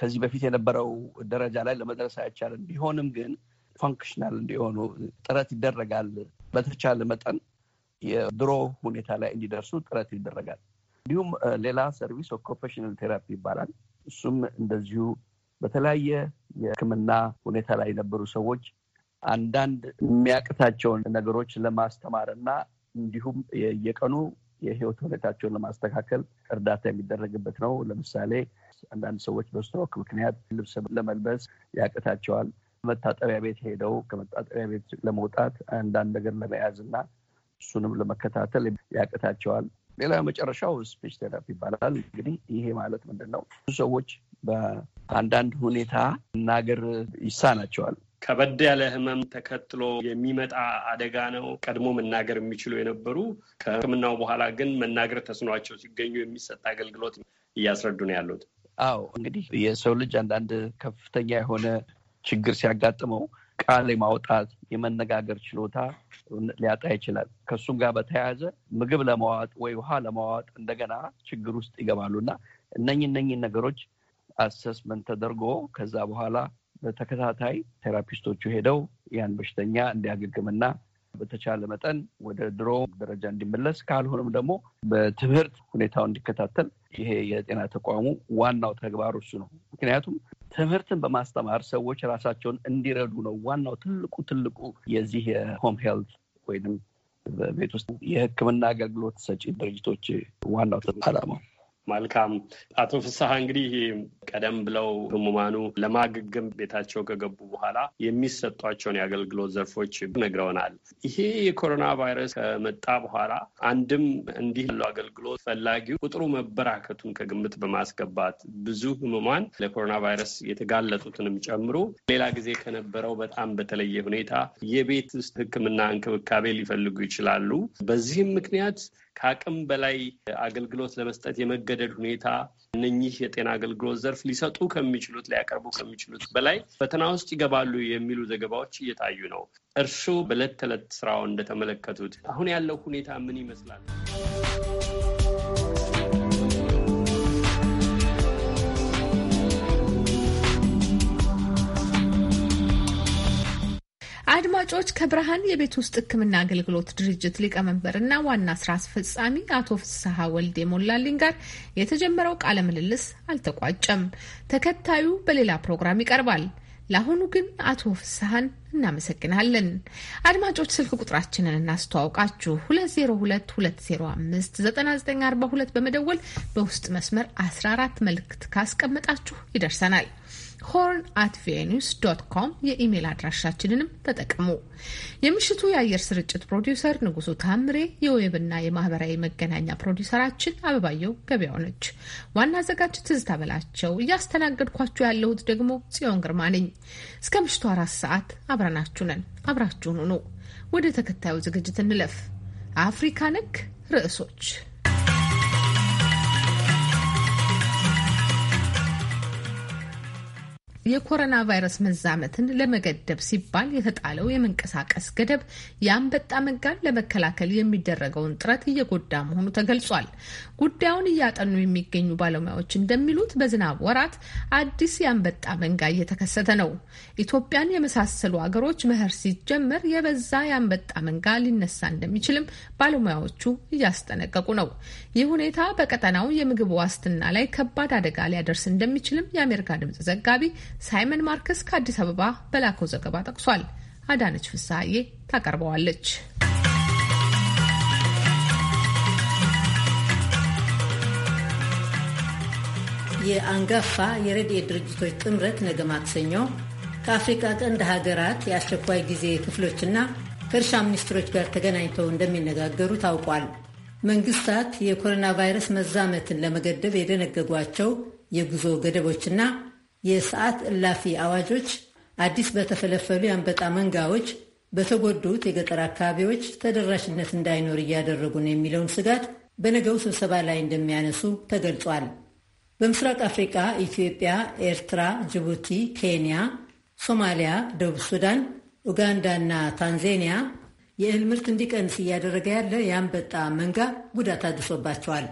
ከዚህ በፊት የነበረው ደረጃ ላይ ለመድረስ አይቻልም። ቢሆንም ግን ፋንክሽናል እንዲሆኑ ጥረት ይደረጋል። በተቻለ መጠን የድሮ ሁኔታ ላይ እንዲደርሱ ጥረት ይደረጋል። እንዲሁም ሌላ ሰርቪስ ኦኮፔሽናል ቴራፒ ይባላል። እሱም እንደዚሁ በተለያየ የሕክምና ሁኔታ ላይ የነበሩ ሰዎች አንዳንድ የሚያቅታቸውን ነገሮች ለማስተማር እና እንዲሁም የየቀኑ የህይወት ሁኔታቸውን ለማስተካከል እርዳታ የሚደረግበት ነው። ለምሳሌ አንዳንድ ሰዎች በስትሮክ ምክንያት ልብስ ለመልበስ ያቅታቸዋል። መታጠቢያ ቤት ሄደው ከመታጠቢያ ቤት ለመውጣት አንዳንድ ነገር ለመያዝ እና እሱንም ለመከታተል ያቅታቸዋል። ሌላ መጨረሻው ስፒች ቴራፒ ይባላል። እንግዲህ ይሄ ማለት ምንድን ነው? ብዙ ሰዎች በአንዳንድ ሁኔታ መናገር ይሳናቸዋል። ከበድ ያለ ህመም ተከትሎ የሚመጣ አደጋ ነው። ቀድሞ መናገር የሚችሉ የነበሩ ከህክምናው በኋላ ግን መናገር ተስኗቸው ሲገኙ የሚሰጥ አገልግሎት እያስረዱ ነው ያሉት። አዎ እንግዲህ የሰው ልጅ አንዳንድ ከፍተኛ የሆነ ችግር ሲያጋጥመው ቃል የማውጣት የመነጋገር ችሎታ ሊያጣ ይችላል። ከእሱም ጋር በተያያዘ ምግብ ለማዋጥ ወይ ውሃ ለማዋጥ እንደገና ችግር ውስጥ ይገባሉ እና እነኝ እነኝን ነገሮች አሰስመንት ተደርጎ ከዛ በኋላ በተከታታይ ቴራፒስቶቹ ሄደው ያን በሽተኛ እንዲያገግምና በተቻለ መጠን ወደ ድሮ ደረጃ እንዲመለስ ካልሆነም ደግሞ በትምህርት ሁኔታው እንዲከታተል ይሄ የጤና ተቋሙ ዋናው ተግባር እሱ ነው። ምክንያቱም ትምህርትን በማስተማር ሰዎች ራሳቸውን እንዲረዱ ነው ዋናው ትልቁ ትልቁ የዚህ የሆም ሄልት ወይም በቤት ውስጥ የሕክምና አገልግሎት ሰጪ ድርጅቶች ዋናው ዓላማው መልካም አቶ ፍስሐ እንግዲህ ቀደም ብለው ህሙማኑ ለማገገም ቤታቸው ከገቡ በኋላ የሚሰጧቸውን የአገልግሎት ዘርፎች ነግረውናል። ይሄ የኮሮና ቫይረስ ከመጣ በኋላ አንድም እንዲህ ያለው አገልግሎት ፈላጊው ቁጥሩ መበራከቱን ከግምት በማስገባት ብዙ ህሙማን ለኮሮና ቫይረስ የተጋለጡትንም ጨምሮ ሌላ ጊዜ ከነበረው በጣም በተለየ ሁኔታ የቤት ውስጥ ህክምና እንክብካቤ ሊፈልጉ ይችላሉ። በዚህም ምክንያት ከአቅም በላይ አገልግሎት ለመስጠት የመገደድ ሁኔታ እነኚህ የጤና አገልግሎት ዘርፍ ሊሰጡ ከሚችሉት ሊያቀርቡ ከሚችሉት በላይ ፈተና ውስጥ ይገባሉ የሚሉ ዘገባዎች እየታዩ ነው። እርስዎ በዕለት ተዕለት ስራው እንደተመለከቱት አሁን ያለው ሁኔታ ምን ይመስላል? አድማጮች ከብርሃን የቤት ውስጥ ሕክምና አገልግሎት ድርጅት ሊቀመንበርና ዋና ስራ አስፈጻሚ አቶ ፍስሐ ወልዴ ሞላልኝ ጋር የተጀመረው ቃለ ምልልስ አልተቋጨም። ተከታዩ በሌላ ፕሮግራም ይቀርባል። ለአሁኑ ግን አቶ ፍስሐን እናመሰግናለን። አድማጮች ስልክ ቁጥራችንን እናስተዋውቃችሁ። 2022059942 በመደወል በውስጥ መስመር 14 መልእክት ካስቀመጣችሁ ይደርሰናል። ሆርን አት ቪኦኤ ዶት ኮም የኢሜይል አድራሻችንንም ተጠቀሙ። የምሽቱ የአየር ስርጭት ፕሮዲውሰር ንጉሱ ታምሬ፣ የዌብና የማህበራዊ መገናኛ ፕሮዲውሰራችን አበባየው ገበያው ነች። ዋና አዘጋጅ ትዝታ በላቸው፣ እያስተናገድኳችሁ ያለሁት ደግሞ ጽዮን ግርማ ነኝ። እስከ ምሽቱ አራት ሰዓት አብረናችሁ ነን። አብራችሁን ሁኑ። ወደ ተከታዩ ዝግጅት እንለፍ። አፍሪካ ነክ ርዕሶች የኮሮና ቫይረስ መዛመትን ለመገደብ ሲባል የተጣለው የመንቀሳቀስ ገደብ የአንበጣ መጋን ለመከላከል የሚደረገውን ጥረት እየጎዳ መሆኑ ተገልጿል። ጉዳዩን እያጠኑ የሚገኙ ባለሙያዎች እንደሚሉት በዝናብ ወራት አዲስ የአንበጣ መንጋ እየተከሰተ ነው። ኢትዮጵያን የመሳሰሉ አገሮች መኸር ሲጀመር የበዛ የአንበጣ መንጋ ሊነሳ እንደሚችልም ባለሙያዎቹ እያስጠነቀቁ ነው። ይህ ሁኔታ በቀጠናው የምግብ ዋስትና ላይ ከባድ አደጋ ሊያደርስ እንደሚችልም የአሜሪካ ድምጽ ዘጋቢ ሳይመን ማርከስ ከአዲስ አበባ በላከው ዘገባ ጠቅሷል። አዳነች ፍስሐዬ ታቀርበዋለች። የአንጋፋ የረድኤት ድርጅቶች ጥምረት ነገ ማክሰኞ ከአፍሪካ ቀንድ ሀገራት የአስቸኳይ ጊዜ ክፍሎችና ከእርሻ ሚኒስትሮች ጋር ተገናኝተው እንደሚነጋገሩ ታውቋል። መንግስታት የኮሮና ቫይረስ መዛመትን ለመገደብ የደነገጓቸው የጉዞ ገደቦችና የሰዓት እላፊ አዋጆች አዲስ በተፈለፈሉ የአንበጣ መንጋዎች በተጎዱት የገጠር አካባቢዎች ተደራሽነት እንዳይኖር እያደረጉ ነው የሚለውን ስጋት በነገው ስብሰባ ላይ እንደሚያነሱ ተገልጿል። በምስራቅ አፍሪካ ኢትዮጵያ፣ ኤርትራ፣ ጅቡቲ፣ ኬንያ፣ ሶማሊያ፣ ደቡብ ሱዳን፣ ኡጋንዳ እና ታንዛኒያ የእህል ምርት እንዲቀንስ እያደረገ ያለ የአንበጣ መንጋ ጉዳት አድርሶባቸዋል።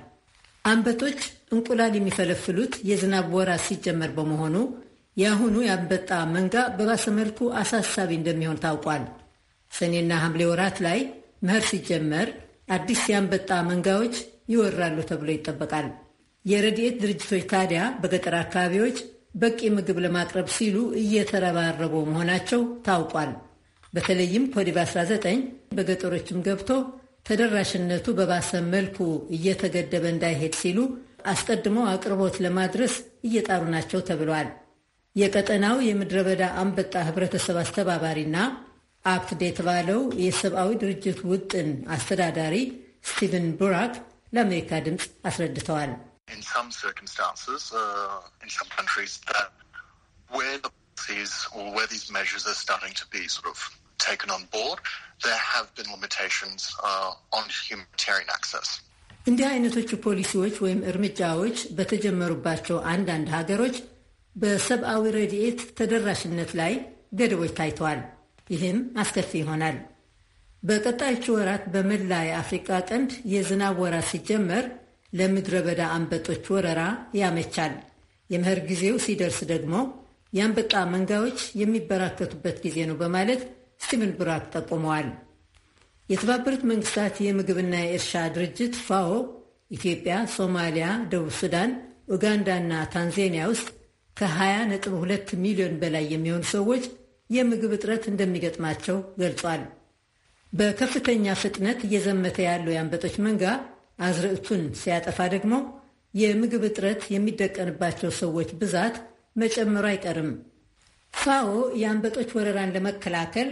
አንበጦች እንቁላል የሚፈለፍሉት የዝናብ ወራት ሲጀመር በመሆኑ የአሁኑ የአንበጣ መንጋ በባሰ መልኩ አሳሳቢ እንደሚሆን ታውቋል። ሰኔና ሐምሌ ወራት ላይ መኸር ሲጀመር አዲስ የአንበጣ መንጋዎች ይወራሉ ተብሎ ይጠበቃል። የረድኤት ድርጅቶች ታዲያ በገጠር አካባቢዎች በቂ ምግብ ለማቅረብ ሲሉ እየተረባረቡ መሆናቸው ታውቋል። በተለይም ኮዲቭ 19 በገጠሮችም ገብቶ ተደራሽነቱ በባሰ መልኩ እየተገደበ እንዳይሄድ ሲሉ አስቀድመው አቅርቦት ለማድረስ እየጣሩ ናቸው ተብሏል። የቀጠናው የምድረ በዳ አንበጣ ህብረተሰብ አስተባባሪና አፕትድ የተባለው የሰብአዊ ድርጅት ውጥን አስተዳዳሪ ስቲቨን ቡራክ ለአሜሪካ ድምፅ አስረድተዋል። እንዲህ አይነቶቹ ፖሊሲዎች ወይም እርምጃዎች በተጀመሩባቸው አንዳንድ ሀገሮች በሰብአዊ ረድኤት ተደራሽነት ላይ ገደቦች ታይተዋል። ይህም አስከፊ ይሆናል። በቀጣዮቹ ወራት በመላ የአፍሪቃ ቀንድ የዝናብ ወራት ሲጀመር ለምድረ በዳ አንበጦች ወረራ ያመቻል። የመኸር ጊዜው ሲደርስ ደግሞ የአንበጣ መንጋዎች የሚበራከቱበት ጊዜ ነው በማለት ስቲቨን ብራክ ጠቁመዋል። የተባበሩት መንግስታት የምግብና የእርሻ ድርጅት ፋኦ ኢትዮጵያ፣ ሶማሊያ፣ ደቡብ ሱዳን፣ ኡጋንዳና ታንዛኒያ ውስጥ ከ20.2 ሚሊዮን በላይ የሚሆኑ ሰዎች የምግብ እጥረት እንደሚገጥማቸው ገልጿል። በከፍተኛ ፍጥነት እየዘመተ ያለው የአንበጦች መንጋ አዝርዕቱን ሲያጠፋ ደግሞ የምግብ እጥረት የሚደቀንባቸው ሰዎች ብዛት መጨመሩ አይቀርም። ፋኦ የአንበጦች ወረራን ለመከላከል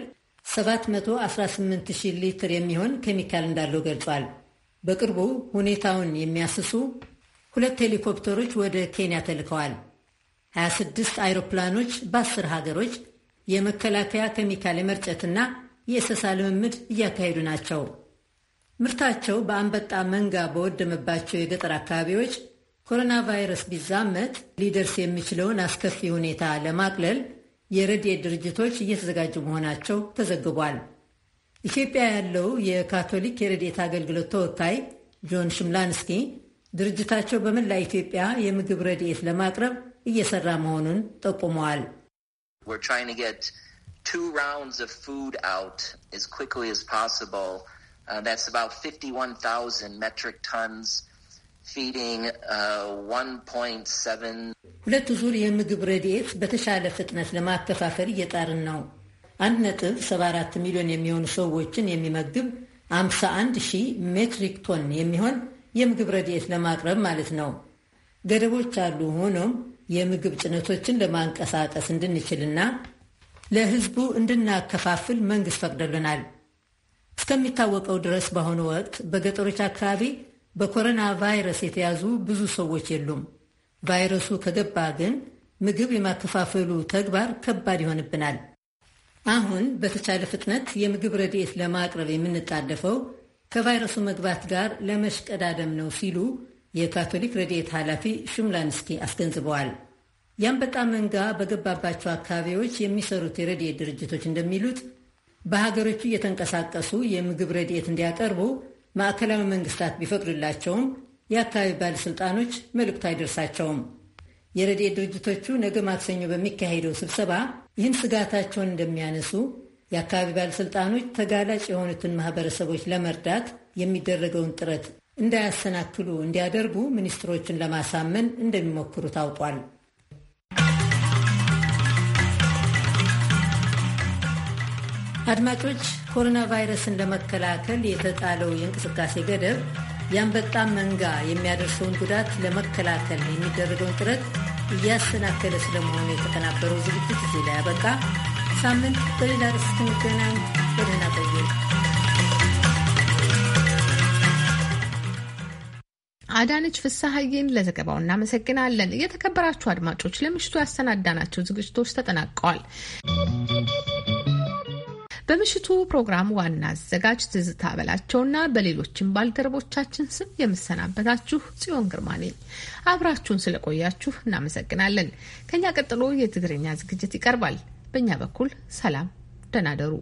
718,000 ሊትር የሚሆን ኬሚካል እንዳለው ገልጿል። በቅርቡ ሁኔታውን የሚያስሱ ሁለት ሄሊኮፕተሮች ወደ ኬንያ ተልከዋል። 26 አይሮፕላኖች በ10 ሀገሮች የመከላከያ ኬሚካል የመርጨትና የእሰሳ ልምምድ እያካሄዱ ናቸው። ምርታቸው በአንበጣ መንጋ በወደመባቸው የገጠር አካባቢዎች ኮሮና ቫይረስ ቢዛመት ሊደርስ የሚችለውን አስከፊ ሁኔታ ለማቅለል የረድኤት ድርጅቶች እየተዘጋጁ መሆናቸው ተዘግቧል። ኢትዮጵያ ያለው የካቶሊክ የረድኤት አገልግሎት ተወካይ ጆን ሽምላንስኪ ድርጅታቸው በመላ ኢትዮጵያ የምግብ ረድኤት ለማቅረብ እየሰራ መሆኑን ጠቁመዋል። ቱ Uh, ሁለቱ ዙር የምግብ ረድኤት በተሻለ ፍጥነት ለማከፋፈል እየጣርን ነው። 74 ሚሊዮን የሚሆኑ ሰዎችን የሚመግብ 51 ሺህ ሜትሪክ ቶን የሚሆን የምግብ ረድኤት ለማቅረብ ማለት ነው። ገደቦች አሉ። ሆኖም የምግብ ጭነቶችን ለማንቀሳቀስ እንድንችልና ለሕዝቡ እንድናከፋፍል መንግሥት ፈቅደልናል። እስከሚታወቀው ድረስ በአሁኑ ወቅት በገጠሮች አካባቢ በኮሮና ቫይረስ የተያዙ ብዙ ሰዎች የሉም። ቫይረሱ ከገባ ግን ምግብ የማከፋፈሉ ተግባር ከባድ ይሆንብናል። አሁን በተቻለ ፍጥነት የምግብ ረድኤት ለማቅረብ የምንጣደፈው ከቫይረሱ መግባት ጋር ለመሽቀዳደም ነው ሲሉ የካቶሊክ ረድኤት ኃላፊ ሹምላንስኪ አስገንዝበዋል። የአንበጣ መንጋ በገባባቸው አካባቢዎች የሚሰሩት የረድኤት ድርጅቶች እንደሚሉት በሀገሮቹ እየተንቀሳቀሱ የምግብ ረድኤት እንዲያቀርቡ ማዕከላዊ መንግስታት ቢፈቅዱላቸውም የአካባቢ ባለሥልጣኖች መልእክቱ አይደርሳቸውም። የረድኤት ድርጅቶቹ ነገ ማክሰኞ በሚካሄደው ስብሰባ ይህን ስጋታቸውን እንደሚያነሱ የአካባቢ ባለሥልጣኖች ተጋላጭ የሆኑትን ማህበረሰቦች ለመርዳት የሚደረገውን ጥረት እንዳያሰናክሉ እንዲያደርጉ ሚኒስትሮችን ለማሳመን እንደሚሞክሩ ታውቋል። አድማጮች ኮሮና ቫይረስን ለመከላከል የተጣለው የእንቅስቃሴ ገደብ የአንበጣ መንጋ የሚያደርሰውን ጉዳት ለመከላከል የሚደረገውን ጥረት እያሰናከለ ስለመሆኑ የተከናበረው ዝግጅት እዚህ ላይ ያበቃ። ሳምንት በሌላ ርዕስ እስክንገናኝ በደህና ቆዩን። አዳነች ፍሳሀዬን ለዘገባው እናመሰግናለን። የተከበራችሁ አድማጮች ለምሽቱ ያሰናዳናቸው ዝግጅቶች ተጠናቀዋል። በምሽቱ ፕሮግራም ዋና አዘጋጅ ትዝታ በላቸውና በሌሎችም ባልደረቦቻችን ስም የምሰናበታችሁ ጽዮን ግርማ ነኝ። አብራችሁን ስለቆያችሁ እናመሰግናለን። ከኛ ቀጥሎ የትግርኛ ዝግጅት ይቀርባል። በእኛ በኩል ሰላም፣ ደህና ደሩ።